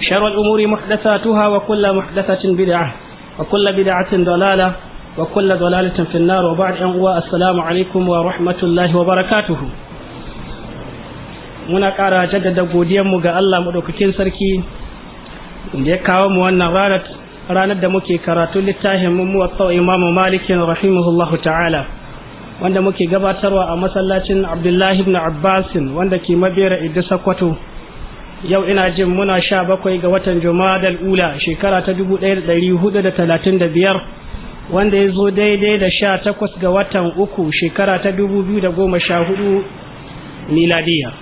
شر الأمور محدثاتها وكل محدثة بدعة وكل بدعة ضلالة وكل ضلالة في النار وبعد أن السلام عليكم ورحمة الله وبركاته muna ƙara jaddada godiyanmu ga Allah maɗaukakin sarki da ya kawo mu wannan ranar ranar da muke karatu littafin mu wasu imamu malikin rahimahullahu ta'ala wanda muke gabatarwa a masallacin abdullahi ibn abbasin wanda ke mabera idda sakwato yau ina jin muna sha bakwai ga watan jumadal ula shekara ta dubu ɗaya da ɗari hudu da talatin da biyar wanda ya zo daidai da sha takwas ga watan uku shekara ta dubu biyu da goma sha hudu miladiya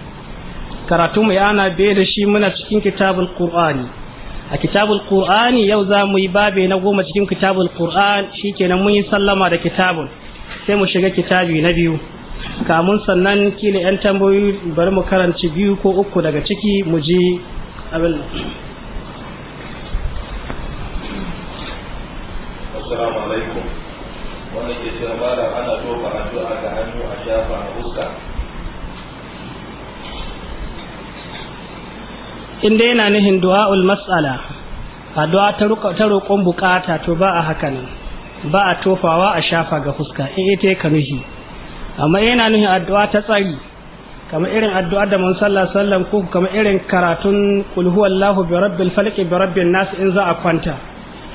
karatu mai ana biye da shi muna cikin kitabul qur'ani a kitabul qur'ani yau za mu yi babe na goma cikin kitabul qur'an shikenan mun yi sallama da kitabun sai mu shiga kitabi na biyu kamun sannan kila yan tambayoyi bari mu karanci biyu ko uku daga ciki mu ji abin assalamu in yana nihin du'a'ul mas'ala du'a ta roƙon bukata to ba a haka ba a tofawa a shafa ga fuska in ita ya kanuhi amma yana nuhin addu'a ta tsari kamar irin addu'a da man sallar sallam ko kamar irin karatun qul Lahu bi rabbil falaq bi rabbin nas in za a kwanta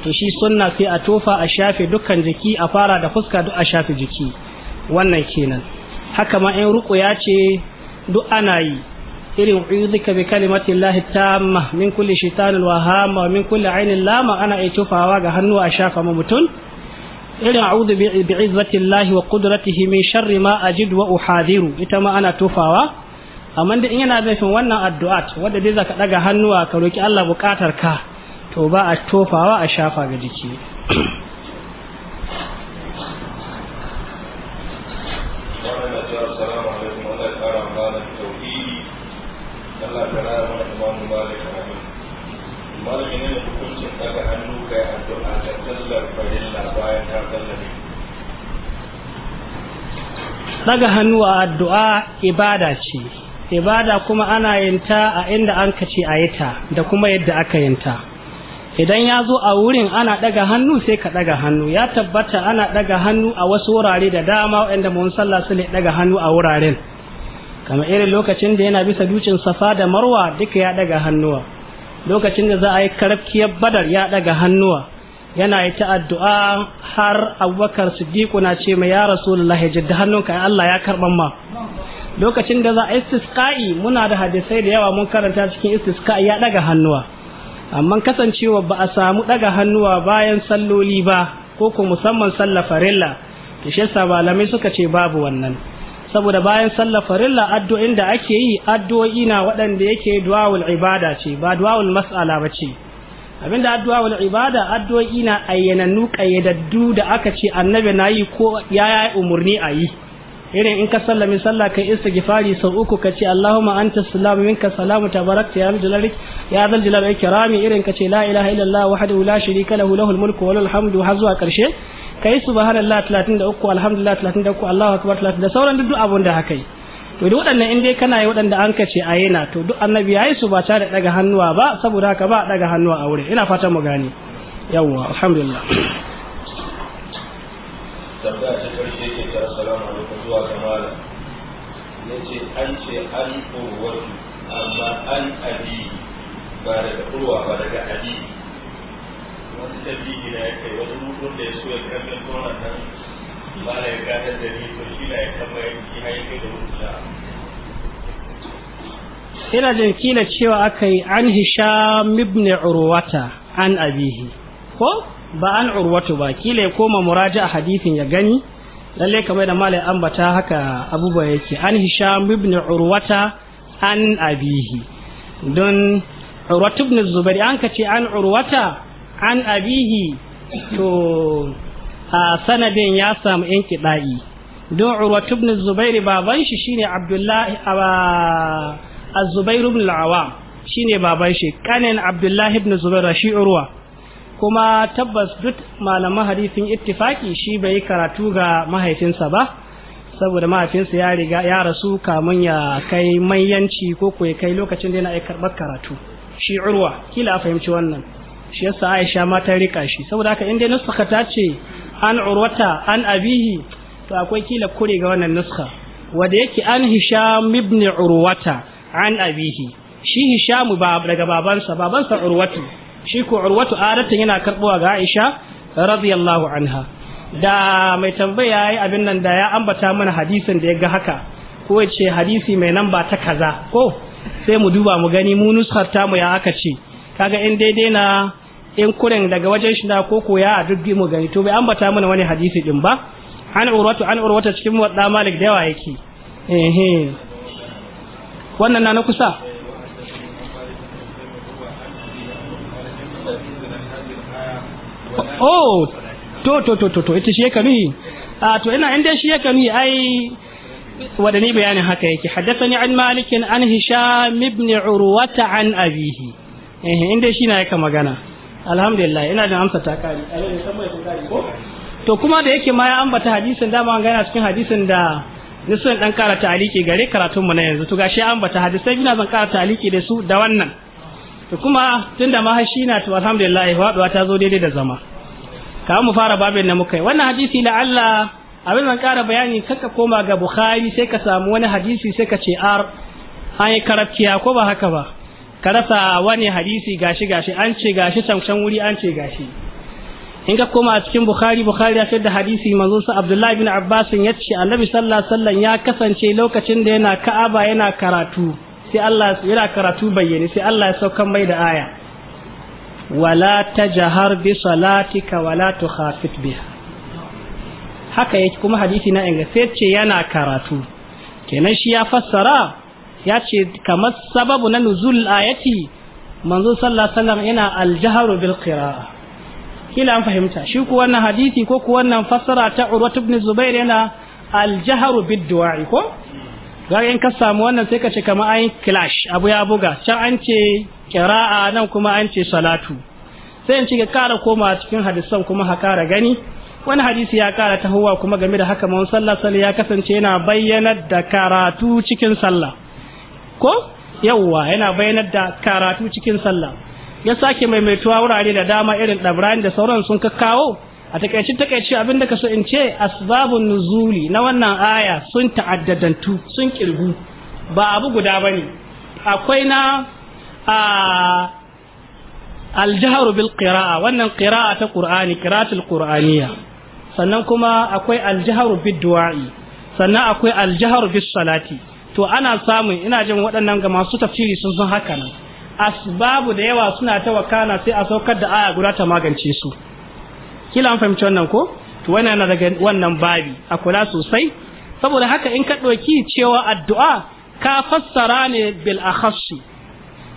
to shi sunna sai a tofa a shafe dukkan jiki a fara da fuska duk a shafe jiki wannan kenan haka ma in ruku ya ce duk ana yi irin uizika bi kalimati llahi tamma min kulli shaytanin wa hama min kulli ainin lama ana iya tofawa ga hannu a shafa ma mutum irin a'udhu bi'izzati llahi wa qudratihi min sharri ma ajid wa uhadiru ita ma ana tufawa amma da in yana nufin wannan addu'at wanda dai zaka daga hannuwa ka roki Allah bukatar ka to ba a tofawa a shafa ga jiki daga hannu a addu'a ibada ce ibada kuma ana yinta a inda an kace a yi da kuma yadda aka yinta idan ya zo a wurin ana daga hannu sai ka daga hannu ya tabbata ana daga hannu a wasu wurare da dama waɗanda mun sallah su ne daga hannu a wuraren kamar irin lokacin da yana bisa dukin safa da marwa duka ya daga hannuwa lokacin da za a yi karafkiyar badar ya daga hannuwa yana yi ta addu'a har abubakar siddiqu na ce mai ya rasulullah ya jidda hannunka ya Allah ya karɓan ma lokacin da za a istiskai muna da hadisai da yawa mun karanta cikin istiska'i ya ɗaga hannuwa amma kasancewa ba a samu daga hannuwa bayan salloli ba ko ko musamman sallar farilla to shi malamai suka ce babu wannan saboda bayan sallafa farilla addu'in da ake yi addu'o'i na waɗanda yake duwawul ibada ce ba duwawul mas'ala ba ce abinda addu'a wal ibada addu'o'i na ayyanannu kayyadaddu da aka ce annabi na yi ko ya yi umurni a yi irin in ka sallami sallah kai istighfari sau uku ka ce Allahumma anta salamu minka salamu tabarakta ya jalalik ya zal jalal wal kirami irin ka ce la ilaha illallah wahdahu la sharika lahu lahul mulku wa lahul hamdu har zuwa karshe kai subhanallah 33 alhamdulillah 33 Allahu akbar 30 da sauran duk abun da haka yi to duk waɗannan in dai kana yi waɗanda an kace a yana to duk annabi ya yi su ba tare da daga hannuwa ba saboda haka ba daga hannuwa a wurin ina fatan mu gane yawwa alhamdulillah tambaya ta karshe ke ta assalamu alaikum zuwa kamala ce an ce an urwatu amma an abi ba daga urwa ba daga abi wani tabbiji na ya kai wani mutum da ya so ya karɓi tsoron nan mana ya gadar da ni to shi na ya tambaya shi har yake da mutula ina da kila cewa aka yi an hisham ibn urwata an abihi ko ba an urwatu ba kila ya koma muraja a hadithin ya gani lalle kamar da malai ambata haka abubuwa yake an hisham ibn urwata an abihi don urwatu ibn zubair an ka ce an urwata an abihi to a sanadin ya samu yan kiɗa'i don urwa tubni Zubairu baban shi shine abdullahi a zubairu bin al shi ne baban shi kanin abdullahi bin Zubairu shi urwa kuma tabbas duk malaman hadisin ittifaki shi bai yi karatu ga mahaifinsa ba saboda mahaifinsa ya riga ya rasu kamun ya kai mayanci ko ya kai lokacin da yana karɓar karatu shi urwa kila a fahimci wannan shi yasa aisha ma ta rika shi saboda haka inda nusaka ta ce an urwata an abihi to akwai kila kure ga wannan nuska. wanda yake an hisham ibn urwata an abihi shi hisham ba daga babansa babansa urwatu shi ko urwatu adatin yana karbuwa ga aisha radiyallahu anha da mai tambaya yayi abin nan da ya ambata mana hadisin da ya ga haka ko yace hadisi mai nan ba ta kaza ko sai mu duba mu gani mu nuskar mu ya aka ce kaga in daidai na in kuren daga wajen shi da koko ya a duk mu gani to bai ambata mana wani hadisi din ba an urwatu an urwata cikin wadda malik da yawa yake eh wannan na na kusa oh to to to to to ita shi yake nuhi a ah, to ina inda shi yake nuhi ai wadani bayanin haka yake haddathani an malikin an hisham ibn urwata an abihi eh inda shi na yake magana alhamdulillah ina da amsa ta kare to kuma da yake ma ya ambata hadisin dama an gana cikin hadisin da nisan dan kara ta'aliki gare karatun mu na yanzu to gashi an ambata sai ina zan kara ta'aliki da su da wannan to kuma tunda ma shi na to alhamdulillah faduwa ta zo daidai da zama ka mu fara babin na muka wannan hadisi la Allah abin zan kara bayani kaka koma ga Bukhari sai ka samu wani hadisi sai ka ce ar an yi karatiya ko ba haka ba ka rasa wani hadisi gashi gashi an ce gashi can wuri an ce gashi in ka koma a cikin bukhari bukhari ya fi da hadisi manzo sa abdullahi bin abbas ya ce annabi sallallahu alaihi wasallam ya kasance lokacin da yana ka'aba yana karatu sai Allah yana karatu bayyane sai Allah ya saukan mai da aya wala tajahar bi salatika wala tukhafit biha haka yake kuma hadisi na inga sai ce yana karatu kenan shi ya fassara ya ce kamar sababu na nuzul ayati manzo sallallahu alaihi wasallam yana aljaharu bil kila an fahimta shi ku wannan hadisi ko ku wannan fassara ta Urwa ibn Zubair yana aljaharu bid du'a ko ga in ka samu wannan sai ka ce kamar an clash abu ya buga can an ce qira'a nan kuma an ce salatu sai in ce ka kara koma cikin hadisan kuma ha kara gani wani hadisi ya kara tahowa kuma game da haka mun sallah sallah ya kasance yana bayyanar da karatu cikin sallah ko yawwa yana bayanar da karatu cikin sallah ya sake maimaituwa wurare da dama irin dabrani da sauran sun kawo? a takaice takaice abinda ka so in ce asbabun nuzuli na wannan aya sun ta'addadantu sun kirgu ba abu guda ba ne. akwai na a aljaharu bil qira'a wannan qira'a ta qur'ani qira'atul Kur'aniya, sannan kuma akwai aljaharu bid du'a'i sannan akwai aljaharu bis salati to ana samun ina jin waɗannan ga masu tafsiri sun san haka nan asbabu da yawa suna ta wakana sai a saukar da aya guda ta magance su kila an fahimci wannan ko to wannan na daga wannan babi a kula sosai saboda haka in ka ɗauki cewa addu'a ka fassara ne bil akhassu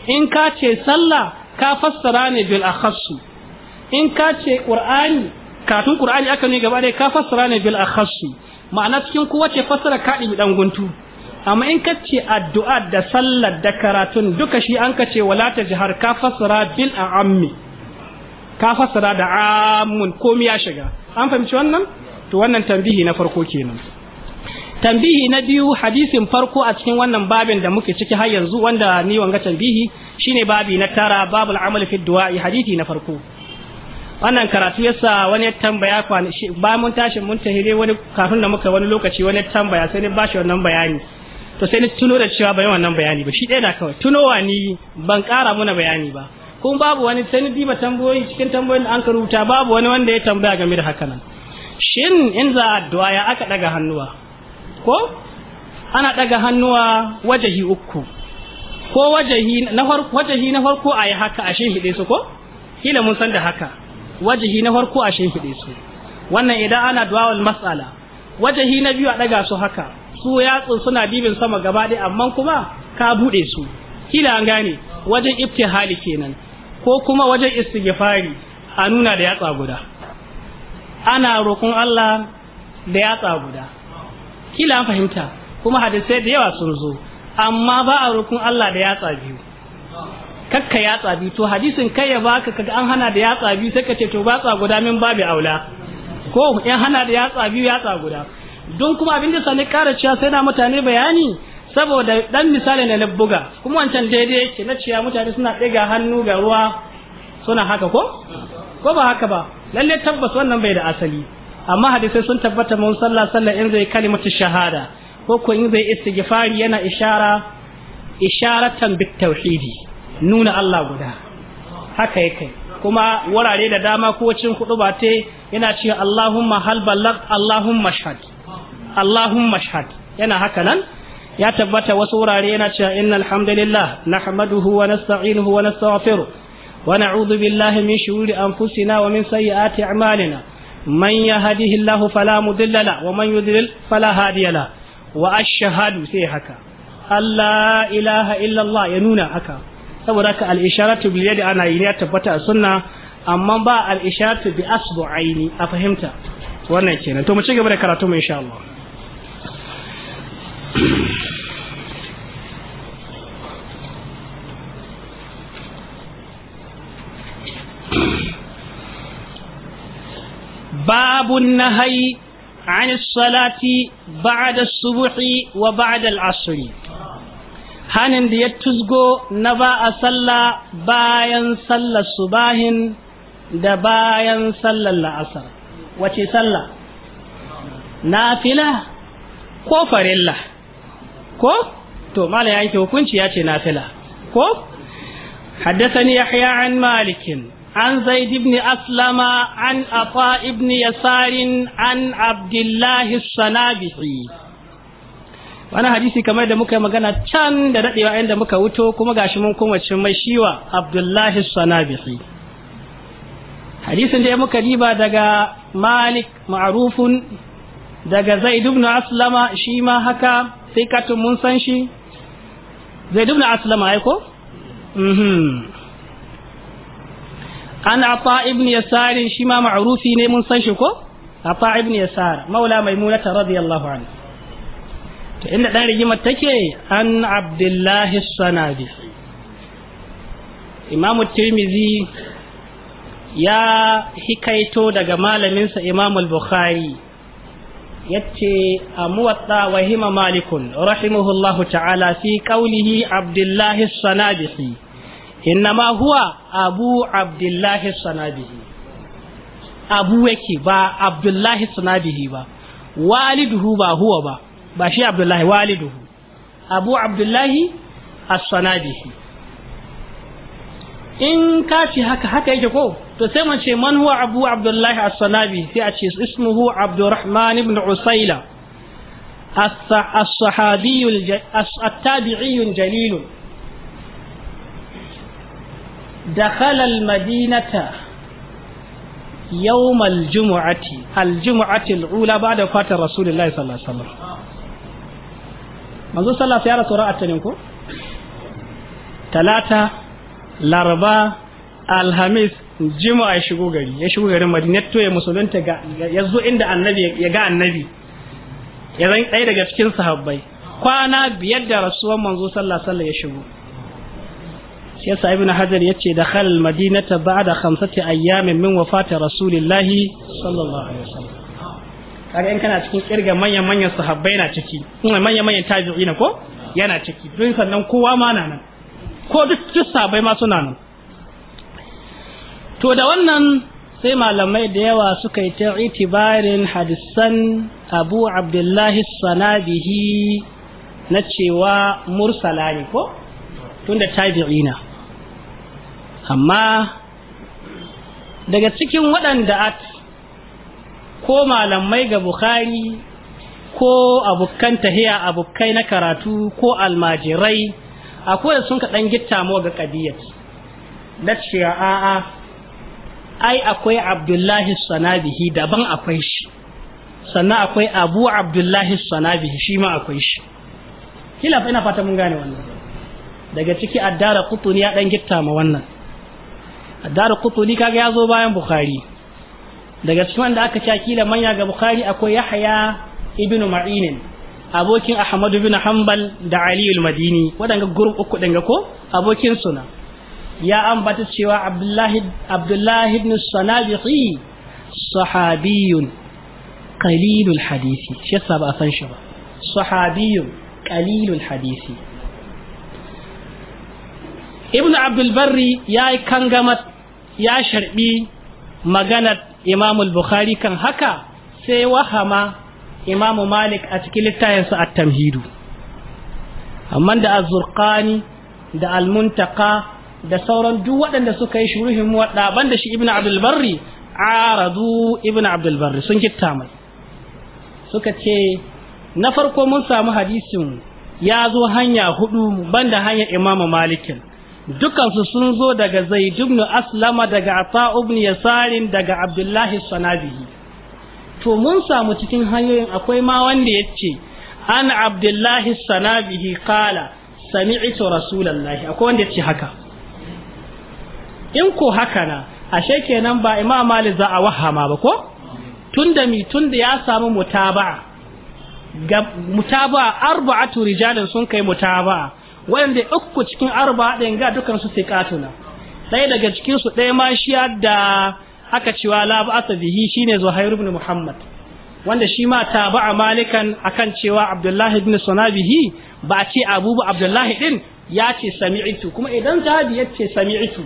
in ka ce sallah ka fassara ne bil akhassu in ka ce qur'ani katun qur'ani aka ne gaba dai ka fassara ne bil akhassu ma'ana cikin kowace fassara ka ɗibi ɗan guntu amma in ka ce addu'a da sallar da karatun duka shi an ka ce wala ta jihar ka fasara bil a ammi, ka fasara da amun komi ya shiga an fahimci wannan to wannan tambihi na farko kenan tambihi na biyu hadisin farko a cikin wannan babin da muke ciki har yanzu wanda ni wanga tambihi shine babi na tara babul amal fi du'a hadisi na farko wannan karatu yasa wani ya tambaya ba mun tashi mun tahire wani kafin da muka wani lokaci wani tambaya sai ni bashi wannan bayani to sai ni tuno da cewa bai wannan bayani ba shi ɗaya na kawai tunowa ni ban ƙara muna bayani ba kuma babu wani sai ni diba tambayoyi cikin tambayoyin da an ka rubuta babu wani wanda ya tambaya game da haka nan shin in za a addu'a ya aka daga hannuwa ko ana daga hannuwa wajahi uku ko wajahi na farko wajahi na farko ayi haka a shin su ko kila mun san da haka wajahi na farko a shin su wannan idan ana du'a wal mas'ala wajahi na biyu a daga su haka su yatsun suna dibin sama gaba ɗaya amma kuma ka buɗe su kila an gane wajen hali kenan ko kuma wajen istighfari a nuna da yatsa guda ana roƙon Allah da yatsa guda kila an fahimta kuma hadisai da yawa sun zo amma ba a roƙon Allah da yatsa biyu kakka yatsa biyu to hadisin kai ya baka kaga an hana da yatsa biyu sai ka ce to ba guda min babu aula ko in hana da yatsa biyu yatsa guda don kuma abin da sani kara cewa sai na mutane bayani saboda dan misali ne na buga kuma wancan daidai yake na cewa mutane suna ɗiga hannu ga ruwa suna haka ko ko ba haka ba lalle tabbas wannan bai da asali amma hadisai sun tabbata mun sallah sallah in zai kalimatu shahada ko ko in zai istighfari yana ishara isharatan bit tauhidi nuna Allah guda haka yake kuma wurare da dama ko cin hudu ba te yana cewa Allahumma hal balagh Allahumma shahad Allahumma shahad yana haka nan ya tabbata wasu wurare yana cewa innal hamdalillah nahmaduhu wa nasta'inuhu wa nastaghfiruh wa na'udhu billahi min shururi anfusina wa min sayyiati a'malina man yahdihillahu fala mudilla la wa man yudlil fala hadiya la wa ashhadu sai haka Allah ilaha illallah ya nuna haka saboda ka al-isharatu bil yadi ana yi ya tabbata a sunna amma ba al-isharatu bi asbu'aini a fahimta wannan kenan to mu ci gaba da karatu mu insha Allah باب النهي عن الصلاة بعد الصبح وبعد العصر hanin da ya tusgo na ba a salla bayan sallar subahin da bayan sallar la'asar wace Na fila ko farilla ko to mala yanke hukunci ya ce nafila ko حدثني yahya an malik an zaid ibn aslama an afa ibn yasar an Abdullahi الله الصنابحي وانا hadisi kamar da muka magana can da daɗewa inda muka wuto kuma gashi mun kuma cin mai shiwa Abdullah as-Sanabihi hadisin da muka riba daga Malik ma'rufun daga Zaid ibn Aslama shi ma haka Sai sikatun mun san shi zai dubna aslama ai ko mhm. an ata ibn yasar shi ma ma'rufi ne mun san shi ko ata ibn yasar maula maimunata radiyallahu anhu to inda dan rigimar take an abdullahi sanadi imam tirmizi ya hikaito daga malaminsa imam al-bukhari yace a muwatta wa hima malikun rahimahullahu ta'ala fi qawlihi abdullahi sanabihi innama huwa abu abdullahi sanabihi abu yake ba abdullahi sanabihi ba waliduhu ba huwa ba ba shi abdullahi waliduhu abu abdullahi as-sanabihi in kashi ce haka haka yake ko to sai mu ce man huwa abu abdullahi as sai a ce ismuhu abdurrahman ibn usaila as-sahabi at-tabi'i jalil dakhala al-madinata يوم الجمعة الجمعة الأولى بعد وفاة رسول الله صلى الله عليه وسلم منذ صلى الله عليه وسلم أتنكو jima ya shigo gari ya shigo garin madina to ya musulunta ga ya zo inda annabi ya ga annabi ya zan ɗaya daga cikin sahabbai kwana biyar da rasuwar manzo sallallahu alaihi ya shigo shi yasa ibnu hajar yace da khalal madinata ba'da khamsati ayyamin min wafati rasulillahi sallallahu alaihi wasallam kaga in kana cikin kirga manyan manyan sahabbai na ciki manyan manyan tabi'ina ko yana ciki don sannan kowa ma na nan ko duk sahabbai ma suna nan to da wannan sai malamai da yawa suka yi ta itibarin hadisan abu abdullahi sanabihi na cewa mursala ne ko tunda na. amma daga cikin waɗanda at ko malamai ga bukhari ko abokan tahiya abokai na karatu ko almajirai akwai sun ka ɗan gitta ga ƙabiyar na cewa a'a ai akwai abdullahi sanabihi daban akwai shi sannan akwai abu abdullahi sanabihi shi ma akwai shi kila ina fata mun gane wannan daga ciki addara kutuni ya dan gitta ma wannan addara kutuni kaga ya bayan bukhari daga cikin wanda aka ci kila manya ga bukhari akwai yahya ibnu ma'inin abokin ahmadu bin hanbal da ali al-madini wadanga gurb uku dinga ko abokin suna ya ambata cewa abdullahi ibn sanabihi sahabiyun qalilul hadisi shi yasa ba a san shi ba sahabiyun qalilul hadisi ibn abdul barri ya yi kangamat ya sharbi maganar imam bukhari kan haka sai wahama imam malik a cikin littafinsa at-tamhidu amma da az da al-muntaqa da sauran duk waɗanda suka yi shuruhin waɗa, ban da shi ibn abdul barri aradu ibn abdul sun kitta mai suka ce na farko mun samu hadisin ya zo hanya hudu ban da hanyar imamu malikin dukansu sun zo daga zaid aslama daga ata ibn yasarin daga abdullahi sanabihi to mun samu cikin hanyoyin akwai ma wanda ya ce an abdullahi sanabihi kala sami'tu rasulallahi akwai wanda ya ce haka in ko haka na ashe kenan ba imam malik za a wahama ba ko tunda mi tunda ya samu mutaba'a ga mutaba'a arba'atu rijalin sun kai mutaba'a wanda uku cikin arba'a din ga dukan su sai katuna ɗaya daga cikin su ɗaya ma shi da aka cewa la ba'asa bihi shine zuhair ibn muhammad wanda shi ma taba'a malikan akan cewa abdullahi ibn sunabihi ba ce abubu abdullahi din ya ce sami'itu kuma idan sahabi ya ce sami'itu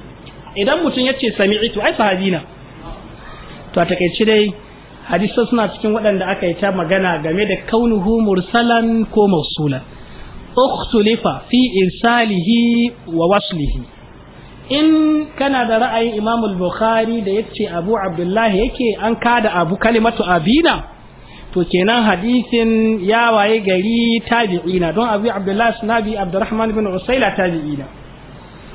idan mutum yace sami'tu ai sahabi na to a takaice dai hadisa suna cikin waɗanda aka yi ta magana game da kaunuhu mursalan ko mausula ukhtulifa fi irsalihi wa waslihi in kana da ra'ayin imam al-bukhari da yace abu abdullahi yake an kada abu kalimatu abina to kenan hadisin ya waye gari tabi'ina don abu abdullahi sunabi abdurrahman bin usaila tabi'ina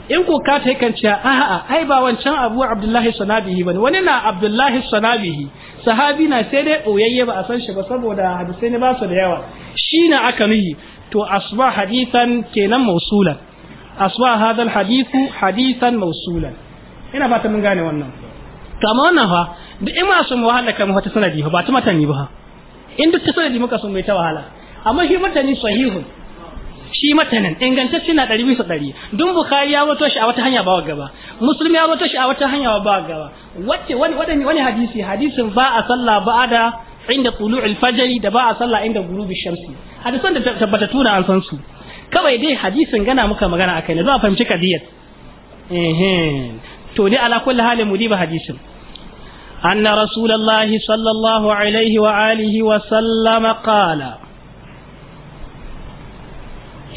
in ko ka ta kan cewa a'a ai ba wancan abu abdullahi sanabihi bane wani na abdullahi sanabihi sahabi na sai dai oyayye ba a san shi ba saboda hadisai ne ba su da yawa shi na aka nuhi to asba hadisan kenan mausulan asba hadha alhadithu hadisan mausulan ina ba ta mun gane wannan kama wannan fa duk in ma su sun wahala kan wata sanadi ba ta matani ba in duk ta sanadi muka sun mai ta wahala amma shi matani sahihun shi matanin ingantacce na ɗari bisa ɗari don bukari ya wato shi a wata hanya ba gaba musulmi ya wato shi a wata hanya ba gaba wacce wani wani hadisi hadisin ba a sallah ba'ada inda tulu'ul fajri da ba a sallah inda gurubi shamsi hadisan da tabbatattu da an san su kawai dai hadisin gana muka magana akai ne za a fahimci kadiyar to ne ala kulli halin mu diba hadisin anna rasulullahi sallallahu alaihi wa alihi wa sallama qala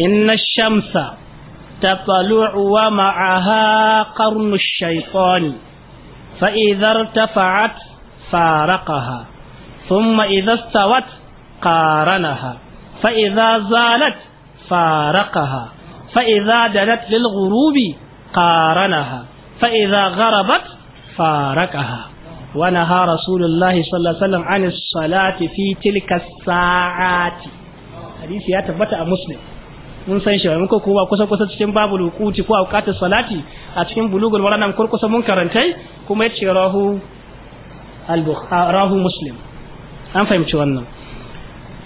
إن الشمس تطلع ومعها قرن الشيطان فإذا ارتفعت فارقها ثم إذا استوت قارنها فإذا زالت فارقها فإذا دنت للغروب قارنها فإذا غربت فارقها ونهى رسول الله صلى الله عليه وسلم عن الصلاة في تلك الساعات حديث يا تبتأ مسلم mun san shi mun ko kuma kusa kusa cikin babu lukuti ko auqatus salati a cikin bulugul waranan kurkusa mun karantai kuma yace rahu al-bukhari muslim an fahimci wannan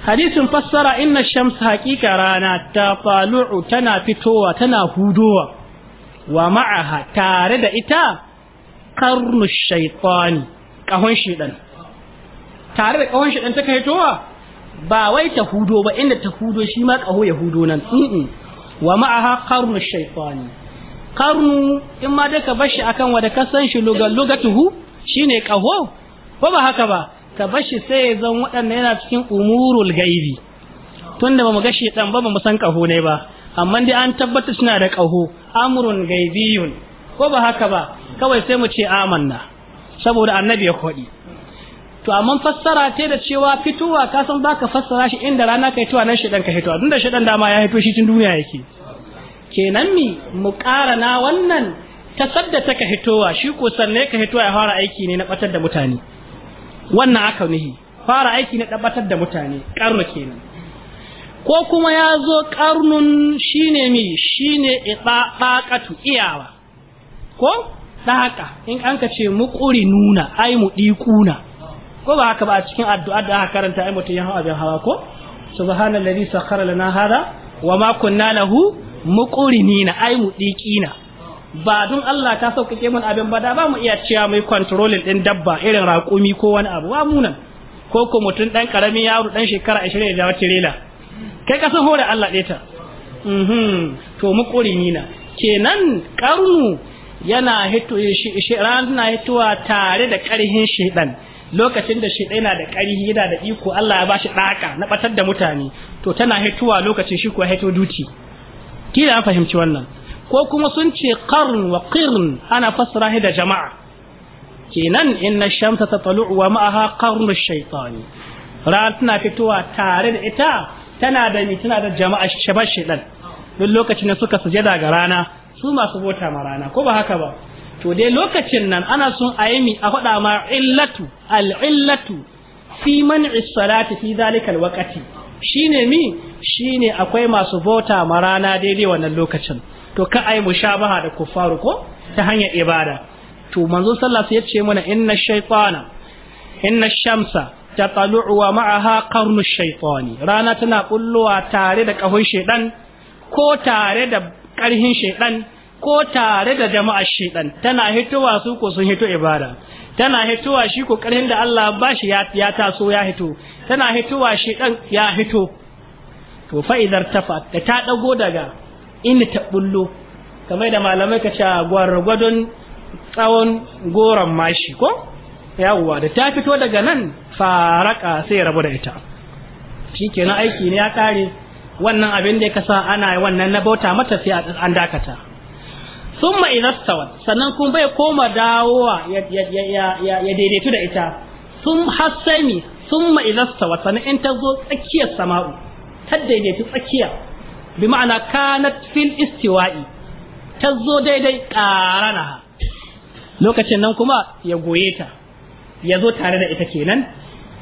hadisin fassara inna shams haqiqa rana ta falu'u tana fitowa tana hudowa wa ma'aha tare da ita karnu shaytani kahon shedan tare da kahon shedan take towa. ba wai ta hudo ba inda ta hudo shi ma kaho ya hudo nan wa ma'aha qarnu shaytani qarnu in ma da ka bashi akan wada ka san shi lugal lugatuhu shine kaho ko ba haka ba ka bashi sai ya zan waɗanda yana cikin umurul gaibi tunda ba mu ga shi ba ba mu san kaho ne ba amma dai an tabbata suna da kaho amrun gaibiyun ko ba haka ba kawai sai mu ce amanna saboda annabi ya kwaɗi to amma fassara ta da cewa fitowa ka san ka fassara shi inda rana ka tuwa nan shedan ka hitowa da shedan dama ya hito shi tun duniya yake kenan mi mu na wannan ta sadda ta ka hitowa shi ko sanne ka hitowa ya fara aiki ne na batar da mutane wannan aka nihi fara aiki na batar da mutane karno kenan ko kuma ya zo karnun shine mi shine ibaqatu iyawa ko ta haka in an ka ce mu ƙuri nuna ai mu ɗi kuna ko ba haka ba a cikin addu'a da aka karanta ai mutun ya hawa abin hawa ko subhanallazi sakhara lana hada wa ma kunna lahu muqrinina ai mudiqina ba don Allah ta sauƙaƙe mun abin ba da ba mu iya cewa mai controlling din dabba irin raƙumi ko wani abu Wa munan ko ko mutun dan karamin yaro dan shekara 20 ya jawo tirela kai ka san hore Allah ɗaya ta mhm. to muqrinina kenan karnu yana hito shi rana hitowa tare da shi shedan lokacin da shi na da ƙarihi yana da iko Allah ya ba shi ɗaka na batar da mutane to tana hituwa lokacin shi kuwa hito duti kila an fahimci wannan ko kuma sun ce qarn wa qirn ana fassara da jama'a kenan inna shamsa tatlu'u wa ma'aha qarnu shaytani ran tana fitowa tare da ita tana da ni tana da jama'a shabar shaytan duk lokacin da suka sujada ga rana su masu bota ma rana ko ba haka ba to dai lokacin nan ana son a yi a faɗa ma illatu al'illatu fi man'i salati fi zalika alwaqati shine mi shine akwai masu bauta ma rana daidai wannan lokacin to ka ai mushabaha da kuffaru ko ta hanyar ibada to manzo sallallahu alaihi wasallam yace mana inna shaytana inna shamsa tatalu'u wa ma'aha qarnu shaytani rana tana kullowa tare da kahon shaydan ko tare da karhin shaydan ko tare da jama'a shedan tana hitowa su ko sun hito ibada tana hitowa shi ko karin da Allah ba shi ya taso ya hito tana hitowa dan ya hito to fa idar tafa da ta dago daga in ta bullo kamar da malamai ka ce gwargwadon tsawon goron mashi ko yawwa da ta fito daga nan faraka sai rabu da ita shikenan aiki ne ya kare wannan abin da ya kasa ana wannan na bauta mata sai an dakata Sun idastawat sannan kuma bai koma dawowa ya ya daidaitu da ita sun hasami sun idastawat sannan in ta zo tsakiyar sama'u ta daidaitu tsakiya bi ma'ana kanat fil istiwa'i ta zo daidai karana lokacin nan kuma ya goye ta ya zo tare da ita kenan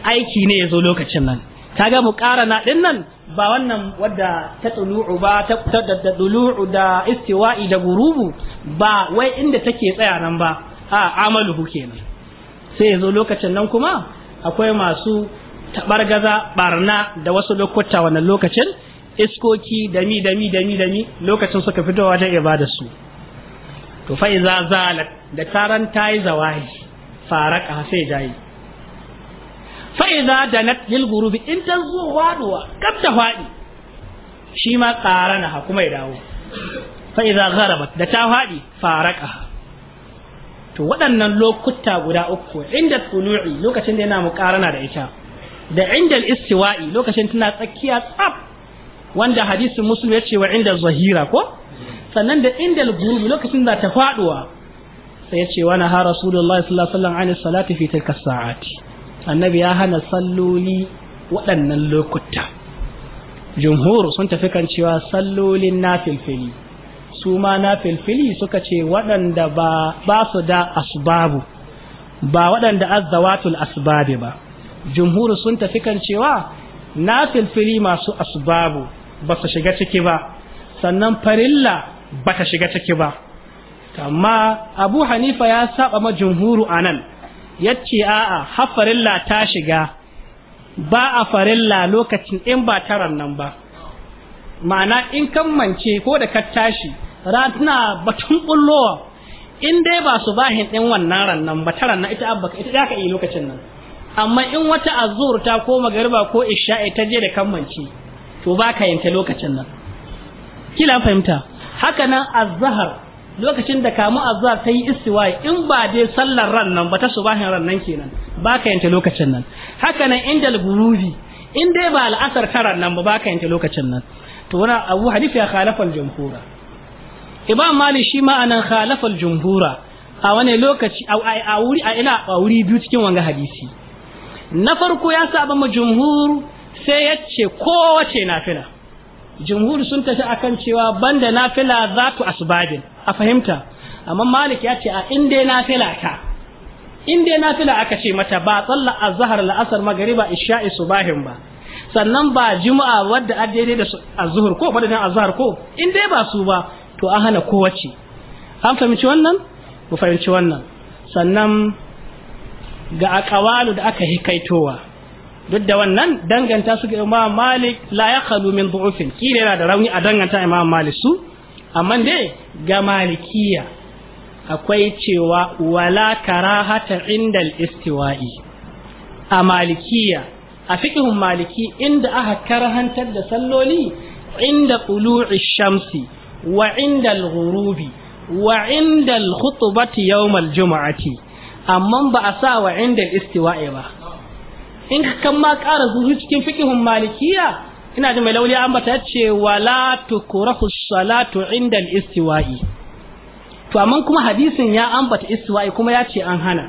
aiki ne ya zo lokacin nan kaga muqarana din nan ba wannan wadda ta tulu'u ba ta da dulu'u da istiwa'i da gurubu ba wai inda take tsaya nan ba a amaluhu kenan sai yazo lokacin nan kuma akwai masu tabargaza barna da wasu lokuta wannan lokacin iskoki da mi da mi lokacin suka fitowa da ibada su to fa iza zalat da taran tayi zawahi faraka sai jayi Fa'iza da na lil ghurubi in ta zo waduwa kaf da faɗi shi ma qarana ha kuma ya dawo fa'iza idza gharabat da ta faɗi faraka to waɗannan lokuta guda uku inda tulu'i lokacin da yana muqarana da ita da inda istiwa'i lokacin tana tsakiya tsaf wanda hadisin musulmi ya ce wa inda zahira ko sannan da inda al lokacin da ta faɗuwa sai ya ce wa na ha rasulullahi sallallahu alaihi wasallam an salati fi tilka sa'ati annabi ya hana salloli waɗannan lokuta jumhur sun tafi kan cewa sallolin nafilfili su ma nafilfili suka ce waɗanda ba su da asbabu ba waɗanda azzawatul asbabi ba jumhur sun tafi kan cewa nafilfili masu asbabu ba su shiga ciki ba sannan farilla ba ta shiga ciki ba amma abu hanifa ya saba ma jumhuru anan yace a'a hafarilla ta shiga ba a farilla lokacin in ba taran nan ba ma'ana in kammance ko da ka tashi ratuna batun bullowa in dai ba su bahin din wannan rannan ba taran nan ita abba ita zaka yi lokacin nan amma in wata azur ta ko magariba ko isha'i ta je da kammance to ba ka yanta lokacin nan kila fahimta haka nan azhar lokacin da kamu azhar ta yi istiwai in ba dai sallar ran nan ba ta subahin ran nan kenan ba ka yanta lokacin nan haka nan inda al-gurubi in dai ba al'asar karan nan ba ba ka yanta lokacin nan to wani abu hadith ya khalafa al-jumhura imam mali shi ma anan khalafa al-jumhura a wani lokaci a wuri a ina a wuri biyu cikin wanga hadisi na farko ya saba ma jumhur sai ya ce kowace nafila jumhur sun tafi akan cewa banda nafila zatu asbabin a fahimta amma malik ya ce a inda nafila ta inda nafila aka ce mata ba tsalla a zahar la'asar magriba isha'i subahin ba sannan ba juma'a wadda a daidai da zuhur ko wadda zahar ko in dai ba su ba to a hana kowace an fahimci wannan mu fahimci wannan sannan ga akawalu da aka hikaitowa duk da wannan danganta su ga imam malik la yakhalu min du'ufin kila yana da rauni a danganta imam malik su amma dai ga malikiya akwai cewa wala karahata inda istiwa'i a malikiya a fiqhun maliki inda aka karahantar da salloli inda qulu'i shamsi wa inda al-ghurubi wa inda al-khutbati yawm al-jum'ati amma ba a sa wa inda istiwa'i ba in kan ma ƙara zuzu cikin fiƙihun malikiya ina da mai lauli an bata ce wala kurahu salatu inda istiwai to amma kuma hadisin ya ambata istiwa'i kuma ya ce an hana